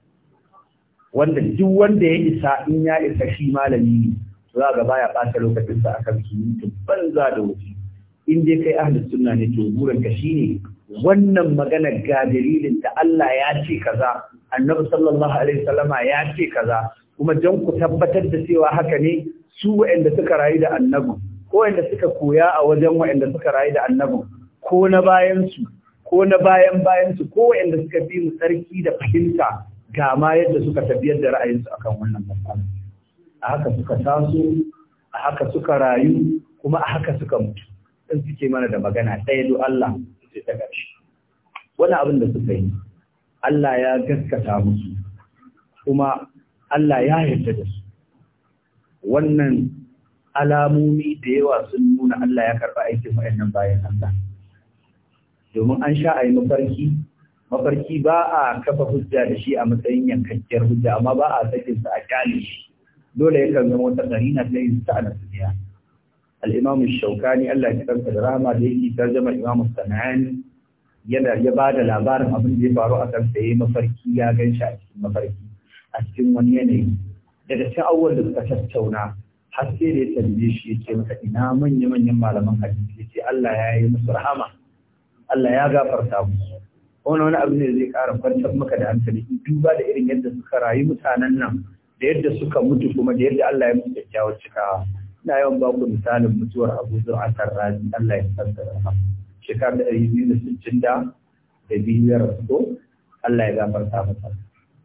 wanda duk wanda ya isa in ya isa shi malami ne za ga baya ɓata lokacinsa akan su yi banza da wuce in dai kai ahli sunna ne to buran ka shine wannan magana ga dalilin da Allah ya ce kaza annabi sallallahu alaihi wasallama ya ce kaza kuma dan ku tabbatar da cewa haka ne su wa'anda suka rayu da annabi ko wa'anda suka koya a wajen wa'anda suka rayu da annabi ko na bayan su ko na bayan bayan su ko wa'anda suka bi mu sarki da fahimta ga ma yadda suka tabbiyar da ra'ayinsu akan wannan matsala a haka suka taso a haka suka rayu kuma a haka suka mutu sun suke mana da magana ɗaya do Allah sai ta ƙarshe wani abin da suka yi Allah ya gaskata musu kuma Allah ya yarda da su wannan alamomi da yawa sun nuna Allah ya karɓi aikin waɗannan bayan Allah domin an sha a yi mafarki mafarki ba a kafa hujja da shi a matsayin yankakkiyar hujja amma ba a sakin sa a kyale shi dole yakan zama wata na ta yin ta na duniya Al'imamin imam shaukani Allah ya karanta da rahama da yake tarjama imam sanani yana ya ba da labarin abin da ya faru a kan sai mafarki ya gan shi a cikin mafarki a cikin wani yanayi daga cikin awwal da suka tattauna har sai da ya tambaye shi ya ce masa ina manya manyan malaman hadisi ya ce Allah ya yi musu rahama Allah ya gafarta mu. wani wani abu ne zai ƙara kwantar maka da hankali duba da irin yadda suka rayu mutanen nan da yadda suka mutu kuma da yadda Allah ya musu kyakkyawar cikawa ina yawan ba ku misalin mutuwar Abu Zur'a Tarrazi Allah ya tsara ha shekar da ɗari biyu da sittin da da biyu ya rasu Allah ya gafarta masa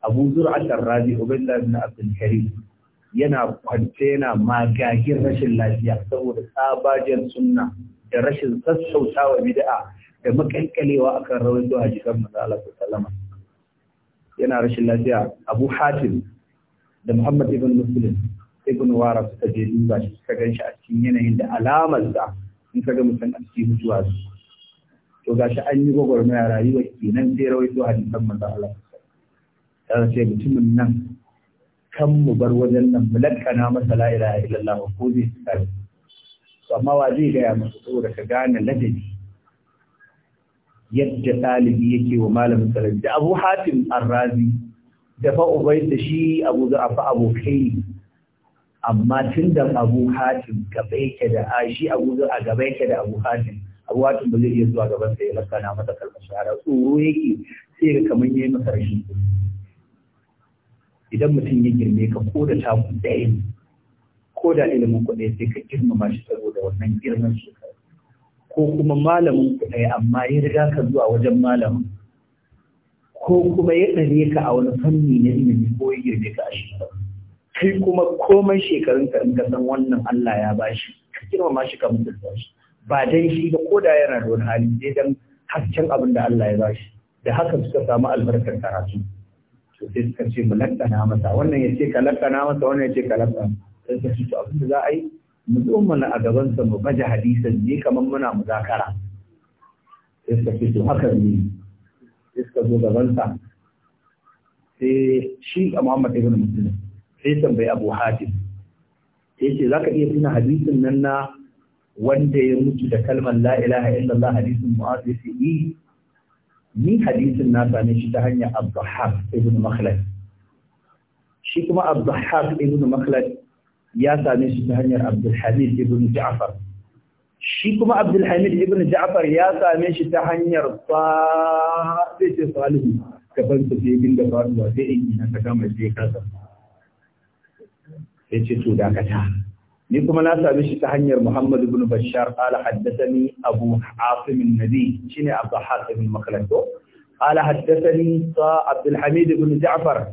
Abu Zur'a Tarrazi Ubaydullah na Abdul Karim yana kwance yana magagin rashin lafiya saboda tsabajen sunna da rashin sassautawa bid'a da makalkalewa akan rawar zuwa jikan manzo Allah sallallahu alaihi yana rashin lafiya Abu Hatim da Muhammad ibn Muslim ibn wara suka je duba shi suka gan shi a cikin yanayin da alamar da in ka ga mutum a cikin mutuwa to shi an yi gwagwarmaya rayuwa kenan sai rawaito hadisan manzo Allah ta ce mutumin nan kan mu bar wajen nan mu lakkana masa la ilaha illallah ko zai tsare to amma wa zai ga ya masa da ka gane ladabi yadda ɗalibi yake wa malamin sarari da abu hatim arrazi da fa'ubai ubai da shi abu da afa abokai amma tun da abu hatim gaba yake da a shi a guzu a gaba yake da abu hatim abu hatim ba zai iya zuwa gaban sa ya lakana masa kalmar shahara tsoro yake sai ga kamar yayi masa rashin idan mutum ya girme ka ko da ta ku ɗaya ko da ilimin ku ɗaya sai ka girmama shi saboda wannan girman shekaru ko kuma malamin ku ɗaya amma ya riga ka zuwa wajen malamin ko kuma ya ɗare ka a wani fanni na ilimi ko ya girme ka a shekaru kai kuma komai shekarun ka in ka san wannan Allah ya bashi ka ma shi ka mutunta shi ba dan shi ba ko da yana da wani hali sai dan hasken abin da Allah ya bashi da haka suka samu albarkar karatu to sai suka ce mu lakana masa wannan ya ce ka lakana masa wannan ya ce ka lakana sai suka ce to abin da za a yi mu zo mana a gaban sa mu baje hadisan ne kamar muna muzakara sai suka ce to haka ne sai suka zo gaban sa sai shi Muhammad ibn Muslim sai tambayi abu hatim sai ce za ka iya tuna hadisin nan na wanda ya mutu da kalmar la ilaha illallah hadisin mu'az ya ce yi eh, ni hadisin na same shi ta hanyar abdulhaq ibn makhlad shi kuma abdulhaq ibn makhlad ya same shi ta hanyar abdulhamid ibn ja'far shi kuma abdulhamid ibn ja'far ya same shi ta hanyar sa sai ce salihu gaban su sai bin da faduwa sai in ina ta kama sai kasa ya ce to dakata ni kuma na sami shi ta hanyar Muhammad ibn Bashar qala haddathani Abu Asim an-Nabi shine Abu Hatim al-Makhlan qala haddathani Sa Abdul Hamid ibn Ja'far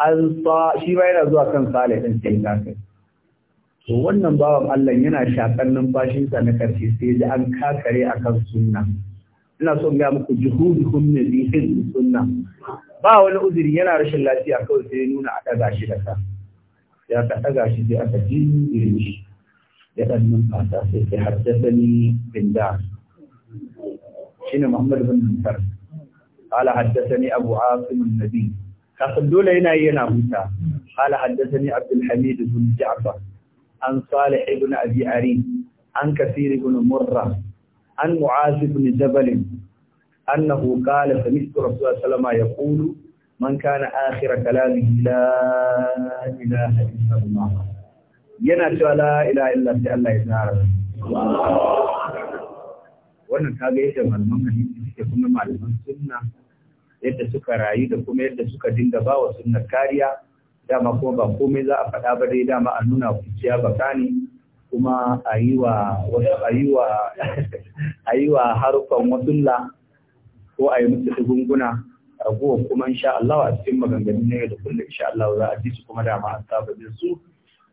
an sa shi ba yana zuwa kan sale din sai ka kai to wannan bawan Allah yana shakan sa na karshe sai ya ji an kakare akan sunna ina son ga muku juhuduhum min sunna ba wani uzuri yana rashin lafiya kawai sai nuna a ɗaga shi da ka sai aka ɗaga shi sai aka jinjire shi ya ɗan numfasa sai sai haddasani bin da shi ne Muhammad bin Mutar ala ni Abu Asim Nabi kafin dole yana yi yana huta ala haddasani Abdul Hamid bin Ja'far an Salih ibn Abi Arin an Kathir ibn Murra an Mu'az ibn Jabal annahu qala sami'tu Rasulullah sallallahu alaihi wasallam yaqulu man kana akhira kalamihi la ilaha illallah yana cewa la ilaha illallah sai Allah ya tsara wannan kaga yadda malaman hadisi suke kuma malaman sunna yadda suka rayu da kuma yadda suka dinga ba wa sunna kariya dama kuma ba komai za a faɗa ba dai dama a nuna kuciya bakani kuma a yi wa harufan wasulla ko a yi musu dugunguna ragowar kuma insha Allah a cikin maganganun ne da kullum insha Allah za a ji su kuma da ma da su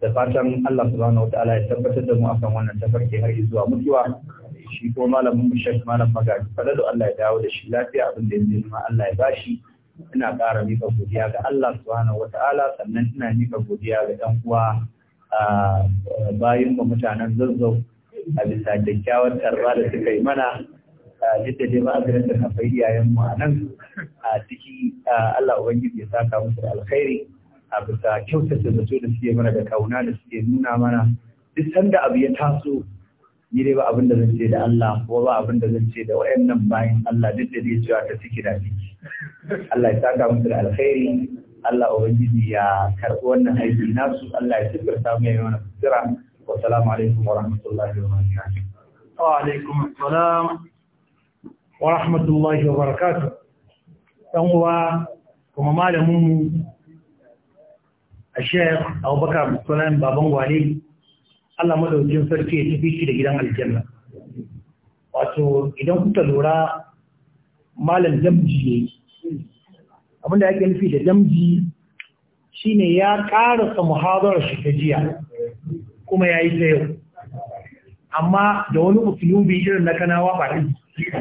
da fatan Allah subhanahu wataala ya tabbatar da mu akan wannan tafarki har zuwa mutuwa shi ko malamin mu shek malam magaji fada da Allah ya dawo da shi lafiya abin da yake ma Allah ya bashi ina ƙara mika godiya ga Allah subhanahu wataala sannan ina mika godiya ga dan uwa bayin mu mutanen zazzau a bisa kyakkyawar tarba da suka yi mana duk da a ma'azirar da kafai iyayen mu a nan a ciki Allah Ubangiji ya saka musu da alkhairi a bisa kyautata zato da suke mana da kauna da suke nuna mana duk sanda abu ya taso ni dai ba abin da zan ce da Allah ko ba abin da zan ce da wayannan bayan Allah duk da dai cewa ta ciki da ciki Allah ya saka musu da alkhairi Allah Ubangiji ya karɓi wannan aiki nasu Allah ya sifirta ya yi mana fitira wa salamu alaikum wa rahmatullahi wa barakatuh wa alaikum wa rahmatullahi wa barakatu ɗan uwa kuma malaminmu a shek abubakar sunan baban gwale allah madaukin sarki ya tafi shi da gidan aljanna wato idan kuka lura malam damji ne abinda yake nufi da damji shine ya karasa muhawarar shi ta jiya kuma ya yi ta amma da wani usulubi irin na kanawa ba ɗin Allah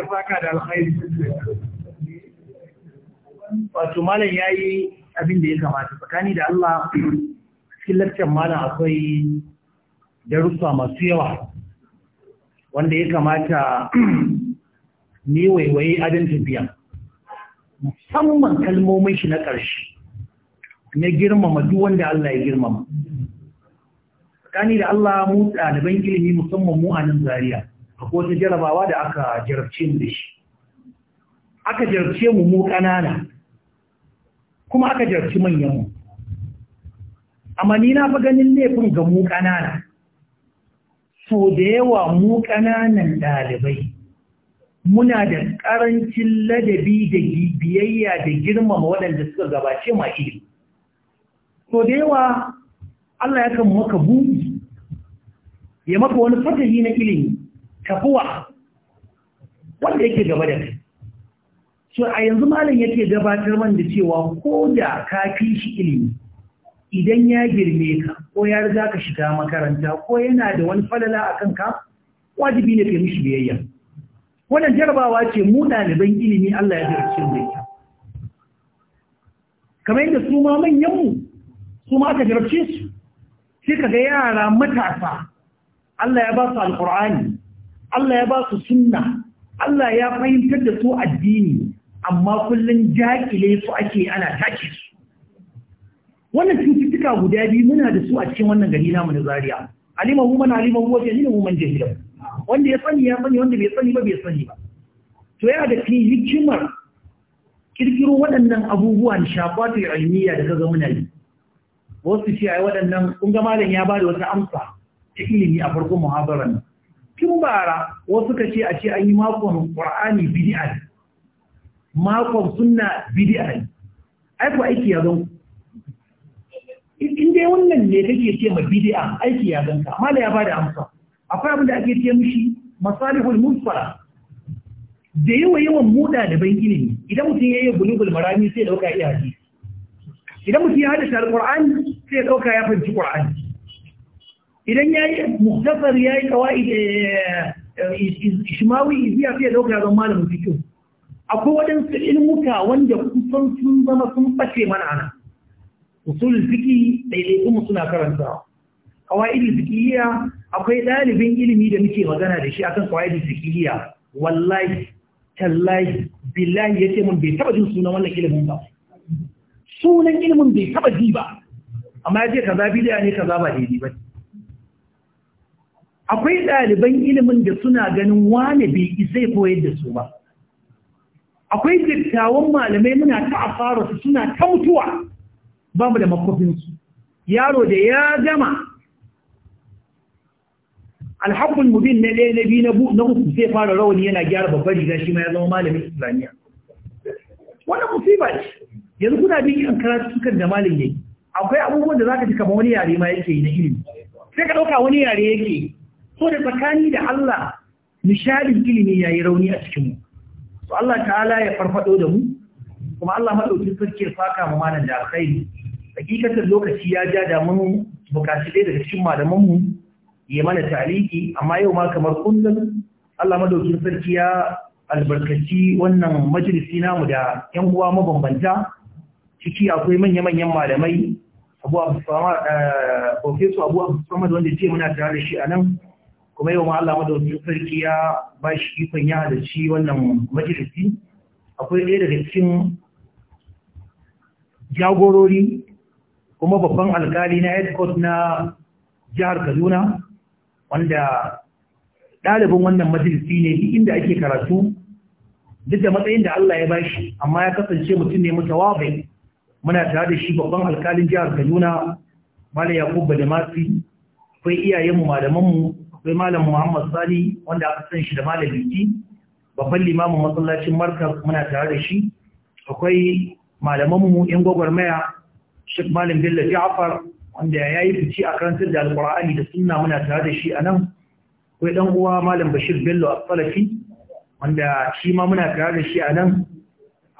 ya faka da alkhairi wato malam ya yi abin da ya kamata tsakani da Allah cikin lakcin malam akwai darussa masu yawa wanda ya kamata ni waiwaye abin tafiya musamman kalmomin shi na ƙarshe na girmama duk wanda Allah ya girmama tsakani da Allah mu ɗaliban ilimi musamman mu a nan Zariya akwai wata jarabawa da aka jarabce mu da shi aka jarabce mu mu ƙanana kuma aka jarabci manyan mu amma ni na fa ganin laifin ga mu ƙanana so da yawa mu ƙananan ɗalibai muna da ƙarancin ladabi da biyayya da girmama waɗanda suka gabace ma ilimi. To da yawa Allah ya kan maka buɗi, ya maka wani fatahi na ilimi, tafuwa wanda yake gaba da kai. So a yanzu malam yake gabatar man da cewa ko da ka fi shi ilimi, idan ya girme ka ko ya riga ka shiga makaranta ko yana da wani falala a kanka, wajibi ne ka mishi biyayya. wannan jarabawa ce mu ɗaliban ilimi Allah ya jarabce da ita kamar yadda su ma manyan mu su ma aka jarabce su sai ka ga yara matasa Allah ya ba su alƙur'ani Allah ya ba su sunna Allah ya fahimtar da su addini amma kullum jaƙile su ake ana take su wannan cututtuka guda biyu muna da su a cikin wannan gari namu na Zaria alimahu man alimahu wa jahilahu man jahilahu wanda ya sani ya sani wanda bai sani ba bai sani ba to yana da fi hikimar kirkiro waɗannan abubuwa da shafafi ilmiya da kaga muna yi wasu ce ai waɗannan kun ga malam ya bada wata amsa ta ilimi a farkon muhabaran Kin bara wasu ka ce a ce an yi makon qur'ani bid'a makon sunna bid'a ai ko aiki ya zan in dai wannan ne kake ce ma bid'a aiki ya zanka malam ya bada amsa akwai abin da ake ce mishi masalihul mursala da yawa yawan muda da ban ilimi idan mutum ya yi bulubul marami sai dauka iya hadisi. idan mutum ya hadasa shar sai dauka ya fanci qur'an idan ya yi yayi qawaid eh, eh, ishmawi iziya sai dauka ya zama malamin fiqh akwai waɗansu ilmuka wanda kusan sun zama sun ɓace mana ana usulul ziki daidaitun suna karantawa qawaid fiqhiyya akwai ɗalibin ilimi da muke magana da shi akan kawai da wallahi tallahi billahi ya ce mun bai taba jin sunan wannan ilimin ba sunan ilimin bai taba ji ba amma ya ce kaza bidiya ne kaza ba daidai ba akwai ɗaliban ilimin da suna ganin wane bai isai koyar da su ba akwai dattawan malamai muna ta afara su suna ta mutuwa ba mu da makofinsu yaro da ya gama alhabbul mubin na ɗaya na biyu na uku zai fara rawani yana gyara babbar riga shi ma ya zama malamin islamiyya wannan musiba ce yanzu kuna bin karatu sukan da malam yayi akwai abubuwan da zaka ji kamar wani yare ma yake yi na ilimi sai ka dauka wani yare yake so da tsakani da Allah misali ilimi yayi rauni a cikin mu to Allah ta'ala ya farfado da mu kuma Allah madaukin sarki ya saka mu malam da alkhairi hakikatan lokaci ya ja da mun bukaci dai daga cikin malaman mu Ya mana tarihi, amma yau ma kamar kullum Allah madaukin sarki ya albarkaci wannan majalisi namu da ‘yan uwa mabambanta ciki akwai manya-manyan malamai abu eh, abu samar wanda ce muna tare da shi a nan kuma yau ma Allah madaukin sarki ya ba shi ikon ya halarci wannan majalisi akwai ɗaya daga cikin jagorori kuma babban alkali na headcourt na jihar kaduna wanda ɗalibin wannan majalisi ne duk inda ake karatu duk da matsayin da Allah ya bashi amma ya kasance mutum ne mutawabai muna tare da shi babban alkalin jihar Kaduna Malam Yakub Badamasi akwai iyayenmu malamanmu akwai Malam Muhammad Sani wanda aka san shi da Malam Biki babban limamin masallacin marka muna tare da shi akwai malamanmu yan gwagwarmaya Sheikh Malam Bello Ja'far wanda ya yi fici a karantar da alƙur'ani da sunna muna tare da shi a nan akwai ɗan uwa malam bashir bello a tsalafi wanda shi ma muna tare da shi a nan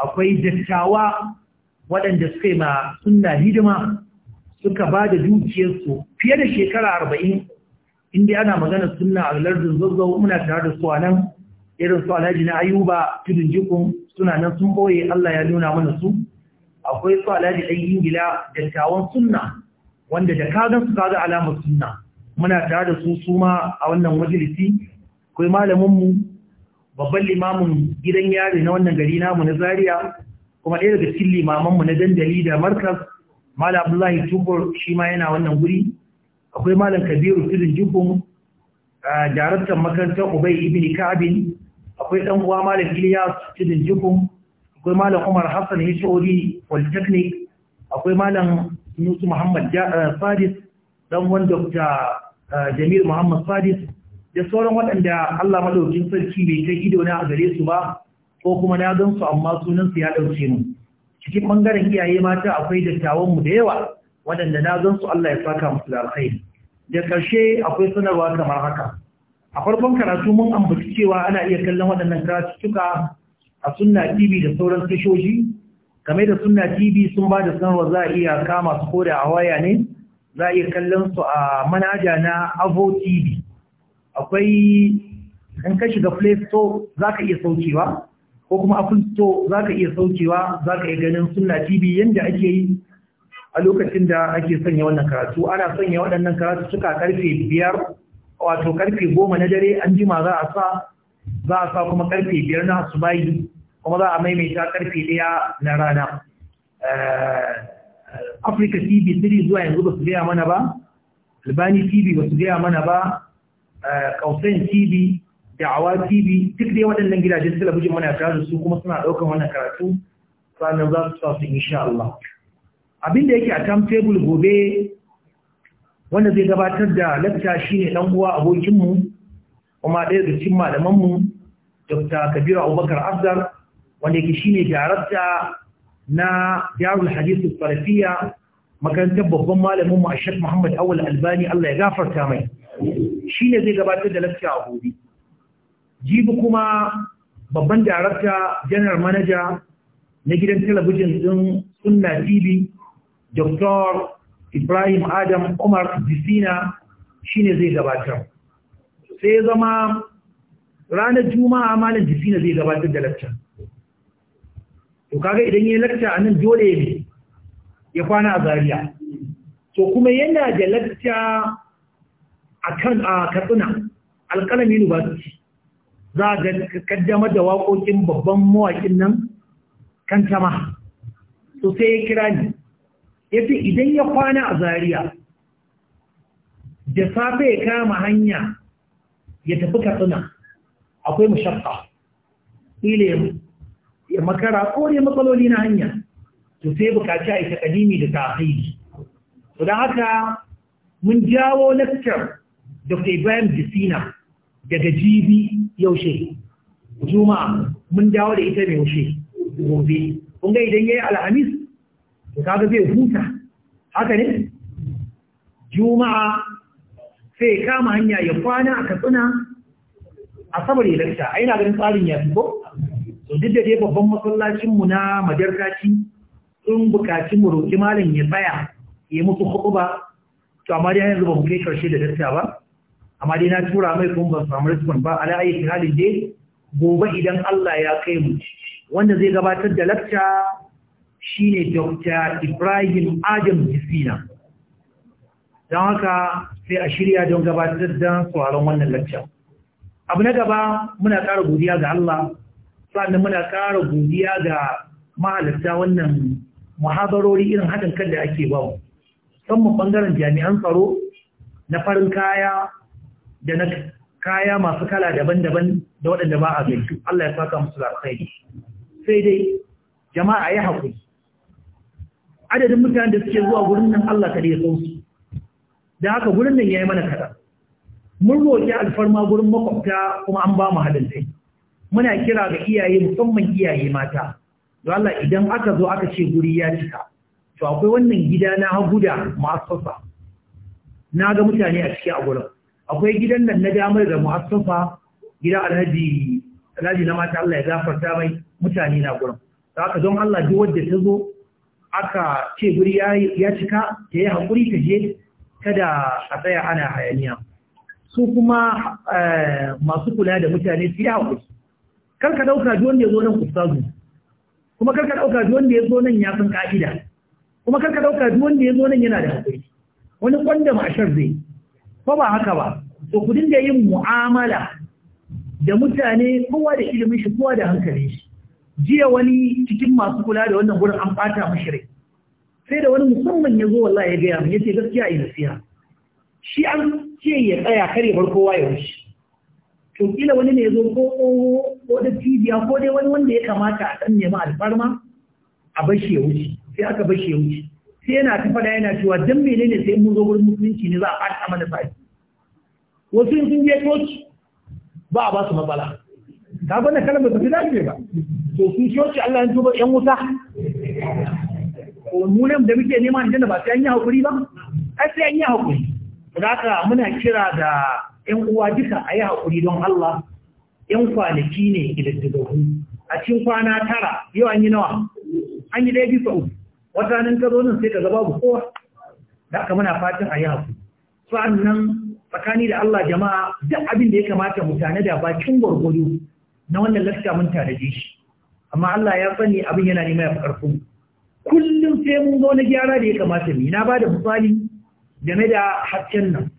akwai dattawa waɗanda suka yi ma sunna hidima suka ba da dukiyarsu fiye da shekara arba'in inda ana magana sunna a lardin zazzau muna tare da su a nan irin su alhaji na ayuba tudun jikun suna nan sun boye allah ya nuna mana su akwai su alhaji ɗan ingila dattawan sunna wanda da gan su kaga alamar sunna muna tare da su suma a wannan majalisi akwai malaminmu babban limamin gidan yari na wannan gari namu na zaria kuma ɗaya daga cikin limamanmu na dandali da markas malam abdullahi tukur shi ma yana wannan guri akwai malam kabiru tudun jikun daraktan makarantar ubai ibn kabin akwai ɗan uwa malam ilyas tudun jikun akwai malam umar hassan hishori polytechnic akwai malam nusu muhammad sadis eh, dan wani Dokta eh, jamil muhammad sadis da sauran waɗanda allah Maɗaukin sarki bai kai ido na a gare su ba ko kuma na gan su amma sunansu ya ɗauke mu cikin ɓangaren iyaye mata akwai dattawanmu da yawa waɗanda na gan su allah ya saka musu da alkhairi da ƙarshe akwai sanarwa kamar haka a farkon karatu mun ambaci cewa ana iya kallon waɗannan karatuttuka a sunna tv da sauran tashoshi kamar da sunna tv sun ba da sanarwa za a iya kama su kore a waya ne za a iya kallon su a manaja na avo tv akwai in ka shiga play store za ka iya saukewa ko kuma apple store za ka iya saukewa za ka iya ganin sunna tv yadda ake yi a lokacin da ake sanya wannan karatu ana sanya waɗannan karatu suka karfe biyar wato karfe goma na dare an jima za a sa za a sa kuma karfe biyar na asubahi kuma za a maimaita karfe daya na rana eh, afrika TV 3 zuwa yanzu ba su gaya mana ba Albani TV ba su gaya mana ba eh, Kausain TV Da'awa TV duk dai waɗannan gidajen talabijin muna tare da su kuma suna ɗaukar wannan karatu sannan za su sa su sha Allah abin da yake a timetable gobe wanda zai gabatar da lakta ne dan uwa abokinmu kuma ɗaya da cikin malamanmu Dr. Kabiru Abubakar Afdar wanda yake shine darakta na Darul Hadith Salafiya makarantar babban malamin mu Sheikh Muhammad awwal Albani Allah ya gafarta mai shine zai gabatar da lecture a gobe jibi kuma babban darakta general manager na gidan talabijin din Sunna TV Dr. Ibrahim Adam Umar Bisina shine zai gabatar sai zama ranar juma'a malam Bisina zai gabatar da lecture to kaga idan ya lakta anan dole ne ya kwana a zariya to kuma yana da lakta a kan a katsina alƙalami shi za a kaddamar da waƙoƙin babban mawaƙin nan kan tama to sai ya kira ni ya idan ya kwana a zariya da safe ya kama hanya ya tafi katsina akwai mushaffa ile makara ko dai matsaloli na hanya to sai bukaci a yi takadimi da ta'khiri to dan haka mun jawo lecture Dr. Ibrahim Jisina daga GB yaushe Juma'a mun dawo da ita mai yaushe gobe kun ga idan yayi alhamis to kaga zai huta haka ne Juma'a sai kama hanya ya kwana a katsina asabar saboda lecture a ina ganin tsarin ya fi ko to duk da dai babban masallacin mu na madarkaci sun bukaci mu roki malam ya tsaya ya musu ba, to amma dai yanzu ba mu kai karshe da datta ba amma dai na tura mai kuma ban samu respon ba ala ayyukan halin dai gobe idan Allah ya kai mu wanda zai gabatar da lakta shine Dr. Ibrahim Adam Jisina don haka sai a shirya don gabatar da tsoron wannan lakta abu na gaba muna ƙara godiya ga Allah sannan muna ƙara godiya ga mahalarta wannan muhabarori irin haɗin kan da ake ba mu musamman ɓangaren jami'an tsaro na farin kaya da na kaya masu kala daban-daban da waɗanda ba a gaisu Allah ya saka musu alkhairi sai dai jama'a ya haƙuri adadin mutanen da suke zuwa gurin nan Allah kada ya san su da haka gurin nan yayi mana kada mun roƙi alfarma gurin makwabta kuma an ba mu haɗin kai muna kira ga iyaye musamman iyaye mata don Allah idan aka zo aka ce guri ya cika to akwai wannan gida na haguda mu'assasa na ga mutane a ciki a gurin akwai gidan nan na damar da mu'assasa gida alhaji alhaji na mata Allah ya gafarta mai mutane na gurin haka don Allah duk wanda ta zo aka ce guri ya cika ta yi hakuri ta je kada a tsaya ana hayaniya su kuma eh, masu kula da mutane su yi haƙuri kar ka dauka duk wanda ya zo nan ustazu kuma kar dauka duk wanda ya zo nan ya san ka'ida kuma kar dauka duk wanda ya zo nan yana da hakuri wani kwanda mashar zai ko ba haka ba to ku dinga yin mu'amala da mutane kowa da ilimin shi kowa da hankalin shi jiya wani cikin masu kula da wannan gurin an bata mashi rai sai da wani musamman ya zo wallahi ya gaya mu yace gaskiya ina siya shi an ce ya tsaya kare bar kowa ya wuce to kila wani ne zo ko ko da cibiya ko dai wani wanda ya kamata a dan nemi alfarma a bashi ya wuce sai aka bashi ya wuce sai yana ta da yana cewa dan menene sai mun zo gurin musulunci ne za a fada mana sai wasu sun je coci ba a ba su matsala ta bane kalmar ba su dace ba to sun coci Allah ya tuba yan wuta ko mu ne da muke nema ne ba sai an yi hakuri ba ai sai an yi hakuri da haka muna kira da ‘yan uwa duka a yi haƙuri don Allah, ‘yan kwanaki ne ƙididdigahu, a cikin kwana tara yau an yi nawa, an yi ɗaya bisa uku, wata nan ka zo nan sai ka gaba bu kowa, da aka muna fatan a yi haƙuri. Sa'an nan tsakani da Allah jama'a duk abin da ya kamata mutane da bakin gwargwado na wannan lafiya mun da shi, amma Allah ya sani abin yana nema ya fi ƙarfin. Kullum sai mun zo na gyara da ya kamata mu na ba da misali game da hasken nan.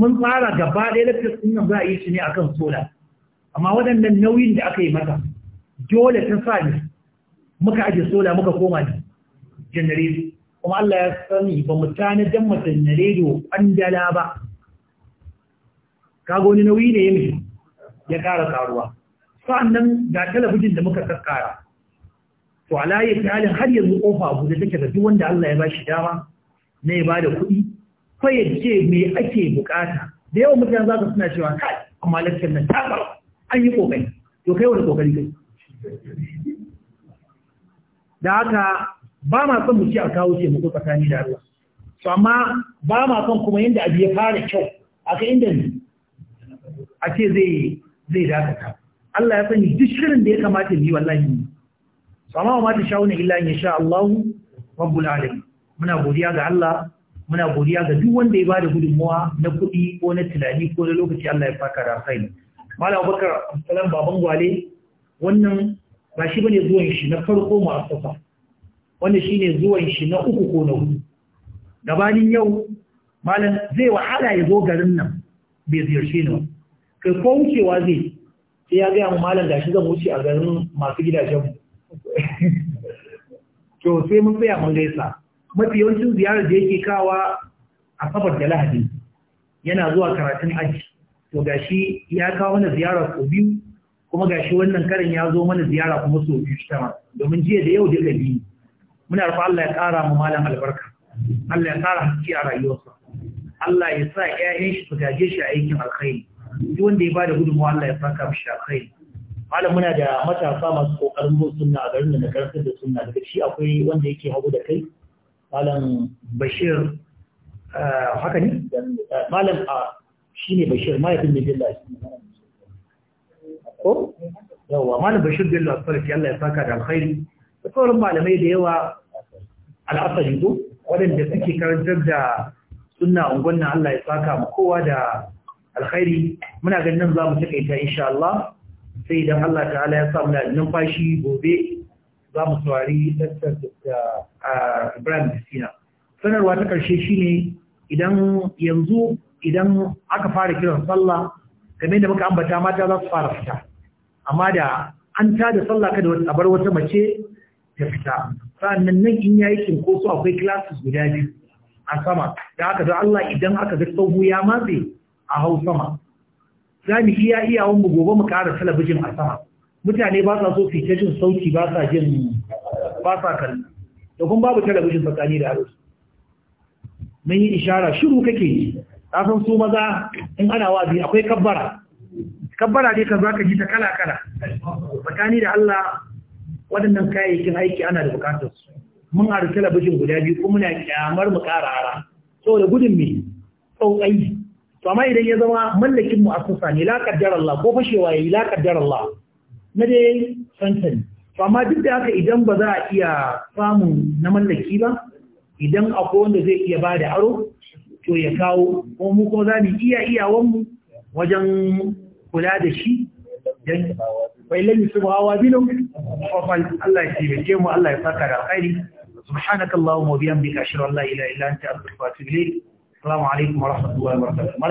mun fara gaba ɗaya lafiyar sunan nan za a yi shi ne akan sola amma waɗannan nauyin da aka yi mata dole ta sa ne muka aje sola muka koma ne janareto kuma Allah ya sani ba mu tanadan mata janareto ƙwandala ba Ka goni nauyi ne ya ya ƙara karuwa sa'annan ga talabijin da muka kakkara to alayyar halin har yanzu kofa abu take da duk wanda Allah ya bashi dama na ya bada kuɗi fa ya me ake bukata da yawan mutane za ka suna cewa kai amma lafiyar nan ta an yi ƙoƙari to kai wani ƙoƙari kai da haka ba ma son mu a kawo ce muku tsakani da Allah to amma ba ma son kuma yadda abu ya fara kyau a kai inda ne a ce zai zai dakata Allah ya sani duk shirin da ya kamata yi wallahi ne to amma ma ta shawo ne illa in sha Allah rabbul alamin muna godiya ga Allah muna godiya ga duk wanda ya ba da gudunmuwa na kuɗi ko na tunani ko na lokaci Allah ya faka da kai malam abubakar Salam baban gwale wannan ba shi bane zuwan shi na farko asafa wannan shine zuwan shi na uku ko na hudu gabanin yau malam zai wahala ya zo garin nan bai ziyarce ni ba kai ko wucewa zai sai ya gaya mu malam gashi zan wuce a garin masu gidajen mu to sai mun tsaya mun gaisa mafi yawancin ziyarar da yake kawa a sabar da lahadi yana zuwa karatun aji to gashi ya kawo mana ziyara sau biyu kuma gashi wannan karin ya zo mana ziyara kuma sau biyu ta domin jiya da yau da biyu muna rufa Allah ya kara mu malam albarka Allah ya kara haske a rayuwarsa Allah ya sa ƴaƴan shi su gaje shi a aikin alkhairi duk wanda ya bada gudunmawa Allah ya saka mishi alkhairi malam muna da matasa masu kokarin bin sunna a garin da na karanta da sunna daga shi akwai wanda yake hagu da kai malam bashir haka ne malam a shi ne bashir mahaifin ne billa shi ko yawa malam bashir billa farki Allah ya saka da alkhairi da sauran malamai da yawa al'asari ko waɗanda suke karantar da suna ungon Allah ya saka mu kowa da alkhairi muna ganin za mu takaita insha Allah sai idan Allah ta'ala ya sa mu da numfashi gobe za mu saurari daktar da Ibrahim Bisina. Sanarwa ta ƙarshe shine idan yanzu idan aka fara kiran sallah game da muka ambata mata za su fara fita. Amma da an ta da sallah kada a bar wata mace ta fita. sannan nan in ya yayi cinkoso akwai classes guda biyu a sama. Da aka zo Allah idan aka ga tsohu ya matse a hau sama. Za mu iya iyawan mu gobe mu kara talabijin a sama. mutane ba sa so fice jin sauti ba sa jin ba sa kalli da kuma babu talabijin tsakani da arziki mun yi ishara shiru kake yi san su maza in ana wazi akwai kabbara kabbara dai zaka ji ta kala-kala tsakani da Allah waɗannan kayayyakin aiki ana da bukatar su mun haɗu talabijin guda biyu kuma muna kyamar mu ƙara ara saboda gudun me tsautsayi to amma idan ya zama mallakin mu asusa ne la kaddar Allah ko fashewa yayi la kaddar Allah na dai santani to amma duk da haka idan ba za a iya samun na mallaki ba idan akwai wanda zai iya ba da aro to ya kawo ko mu ko za mu iya iyawanmu wajen kula da shi don bai lalli su hawa binu kofar Allah ya taimake mu Allah ya saka da alkhairi subhanakallahumma wa bihamdika ashhadu an la ilaha illa anta astaghfiruka wa atubu ilayk assalamu alaikum wa rahmatullahi wa